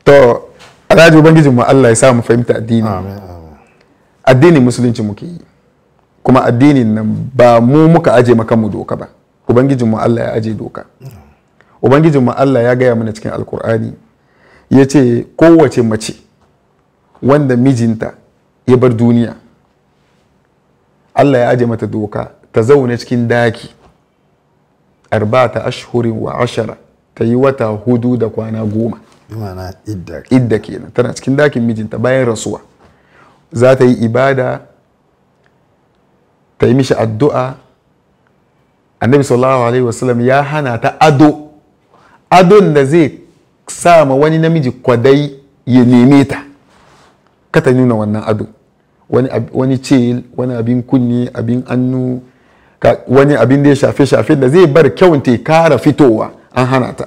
to alhaji ubangijin mu Allah ya sa mu fahimta addini addinin musulunci muke yi kuma addini nan ba mu muka aje maka mu doka ba ubangijin mu Allah ya aje doka ubangijin mu Allah ya gaya mana cikin alkur'ani ya ce kowace mace wanda mijinta ya bar duniya Allah ya aje mata doka ta zaune cikin daki arba'ata ashhurin wa ashara ta yi wata hudu da kwana goma idda kenan tana cikin dakin mijinta bayan rasuwa za ta yi ibada ta yi mishi addu'a annabi sallallahu alaihi wasallam ya hana ta ado adon da zai sa ma wani namiji kwadai ya neme ta ka ta nuna wannan ado wani cel wani abin kunni abin annu wani abin da ya shafe shafe da zai bar kyawun ta kara fitowa an hana ta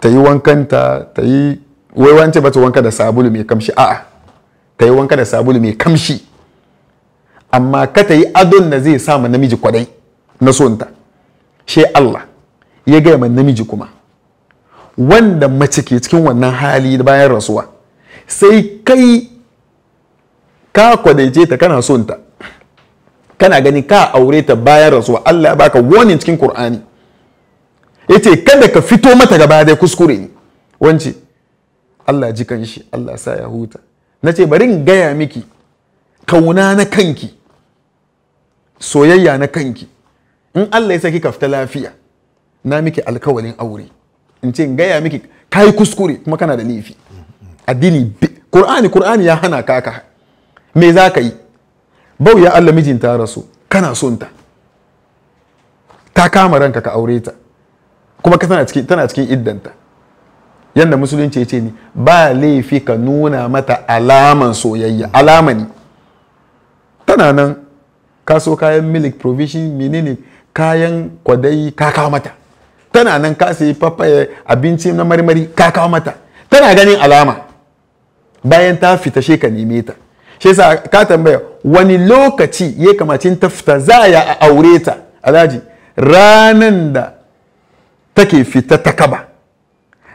ta yi wankanta ta yi wai ba ta wanka da sabulu mai kamshi a'a ta yi wanka da sabulu mai kamshi amma ka ta yi adon da zai sa namiji kwadai na sonta she Allah ya gaya ma namiji kuma wanda mace ke cikin wannan hali bayan rasuwa sai kai ka kwadaice ta kana son ta kana gani ka aure ta bayan rasuwa Allah ya baka warning cikin Qur'ani yace kada ka fito mata gaba dai kuskure ne wance Allah ji kan shi Allah sa ya huta nace bari in gaya miki kauna na kanki soyayya na kanki in Allah ya saki ka fita lafiya na miki alkawalin aure in ce in gaya miki kai kuskure kuma kana da laifi addini Qur'ani Qur'ani ya hana ka me za ka yi bau ya Allah mijin ta rasu kana son ta ta kama ranka ka aure ta kuma ka tana cikin iddanta yanda musulunci ce ni ba laifi ka nuna mata alaman soyayya alama ne tana nan ka so kayan milik provision menene kayan kwadai ka kawo mata tana nan ka sayi abinci na marmari ka kawo mata tana ganin alama bayan ta fita she ka neme ta shi yasa ka tambaya wani lokaci ya kamacin ta fita za ya a aure ta alhaji ranan da take fita ta kaba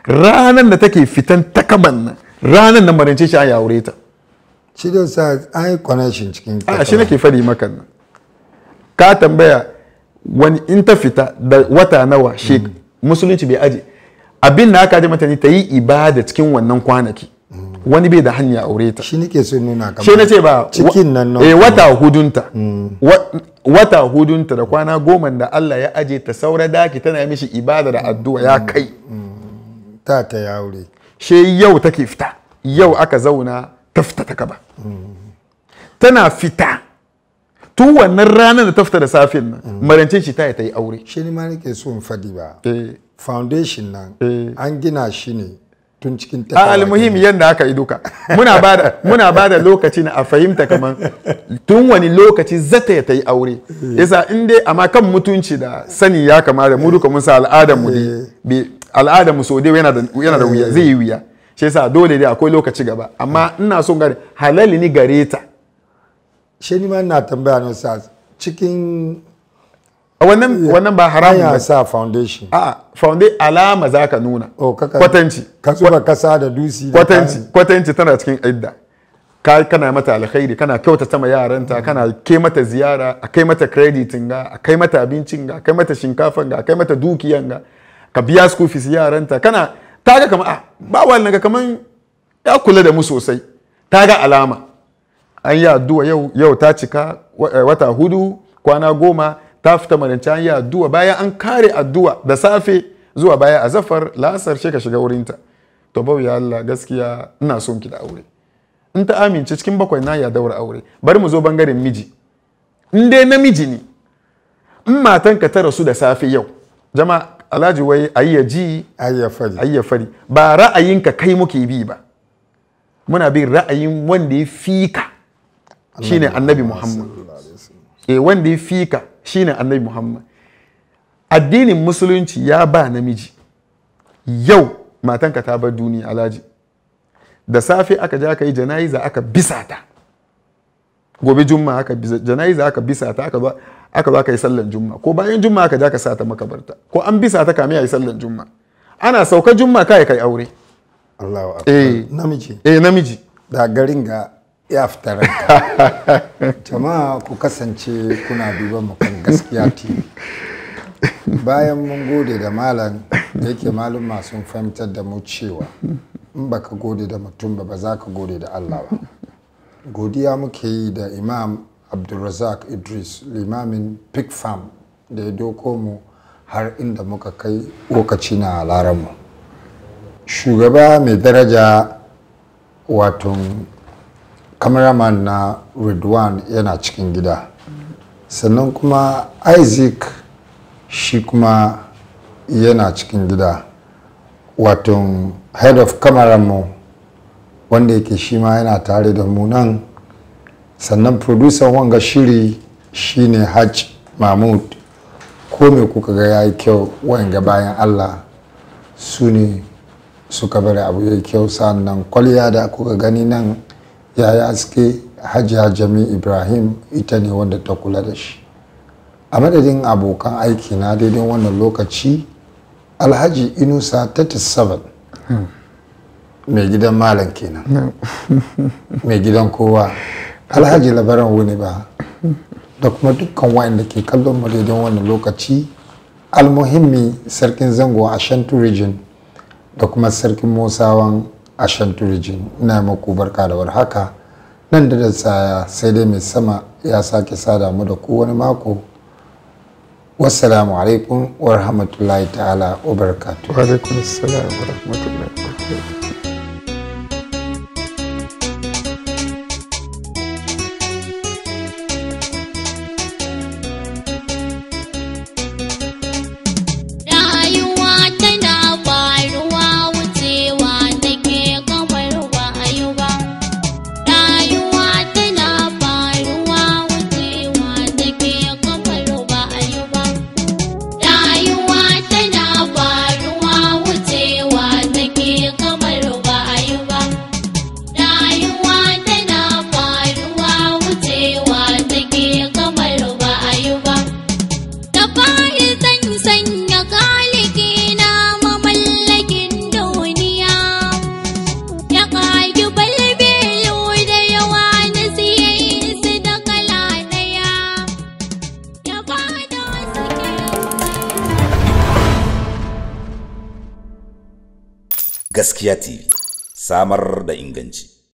ranan da take fitan ta kaban nan ranan da marince shi ya aure ta shi da sa ai connection cikin a shi nake fadi maka nan ka tambaya wani in ta fita da wata nawa shi mm. musulunci bai aje abin da aka ji mata ne ta yi ibada cikin wannan kwanaki wani bai da hanya aure ta shi nake so nuna kamar shi nace ba cikin nan nan eh wata hudunta mm. wata hudunta da kwana goma da Allah ya aje ta saura daki tana mishi ibada da addu'a ya mm. kai mm. ta ta ya aure she yau take fita yau aka zauna ta fita ta kaba tana fita tun wannan ranar da ta fita da safin nan marance shi ta yi ta yi aure shi ne ma nake so in fadi ba eh. foundation nan eh. an gina shi ne tun cikin tafiya almuhim yadda aka yi duka muna bada muna lokaci na a fahimta kaman tun wani lokaci zata ya yi aure yasa in dai amma kan mutunci da sani ya kamata mu duka mun sa al'adar mu dai eh. al'adar mu so dai yana da yana wuya eh. zai yi wuya shi yasa dole dai akwai lokaci gaba amma ina son gare halali ni gare ta shi ni ma ina tambaya na sa cikin wannan wannan ba haramun ba sa foundation a foundation alama za ka nuna oh, kwatanci ka zuba kasa da dusi kwatanci kwatanci tana cikin idda ka kana mata alkhairi kana kyauta ma yaranta mm. kana kai mata ziyara a kai mata creditin ga a kai mata abincin ga a kai mata shinkafan ga a kai mata dukiyan ga ka biya school fees yaranta kana ta ga kamar a ba wannan ga kamar ya kula da mu sosai ta ga alama an yi addu'a yau yau ta cika eh, wata hudu kwana goma ta fita mananta yi addu'a bayan an kare addu'a da safe zuwa baya a zafar lasar ka shiga wurinta to bau ya Allah gaskiya ina son ki da aure in ta amince cikin bakwai na ya daura aure bari mu zo bangaren miji in dai namiji ne in matanka ta rasu da safe yau jama'a alhaji wai ayya ji ayya fari ba ka kai muke bi ba muna bin ra'ayin wanda ya fika shine annabi muhammad eh wanda ya fika shine annabi muhammad addinin musulunci ya ba namiji yau matanka ta bar duniya alaji da safe aka ja aka yi janayiza aka bisa ta gobe juma aka bisa, janayiza aka bisa ta aka ba aka ba ka yi sallan juma ko bayan juma aka ja ka sa ta makabarta ko an bisa ta kame a yi sallan juma ana sauka juma kai kai aure Allahu akbar eh namiji eh namiji da garin ga ya fitar jama'a ku kasance kuna duban mu kan gaskiya tv bayan mun gode da malam da yake maluma sun fahimtar da mu cewa in baka gode da mutum ba ba za ka gode da allah ba godiya muke yi da imam abdulrazak idris limamin pig farm da ya doko mu har inda muka kai lokaci na mu. shugaba mai daraja wato man na Redwan yana cikin gida sannan kuma Isaac shi kuma yana cikin gida wato head of camera mu wanda yake shi ma yana tare da mu nan sannan producer wanga shiri shine haj mahmud ko me kuka ga yayi kyau wanga bayan allah su ne suka bari abu yayi kyau sannan kwalliya da kuka gani nan yaya aske hajiya jami ibrahim ita ne wanda ta kula da shi a madadin abokan aiki na daidai wannan lokaci alhaji inusa 37 hmm. mai gidan malam kenan hmm. mai gidan kowa alhaji labaran wuni ba da kuma dukkan wa'anda ke kallon mu daidai wannan lokaci almuhimmi sarkin zango a shantu region da kuma sarkin musawan a shanturiji ina maku barka da warhaka nan da tsaya sai dai mai sama ya sake sada mu da ku wani mako wassalamu alaikum wa rahmatullahi ta'ala wa barakatuh wa wa 的引根基。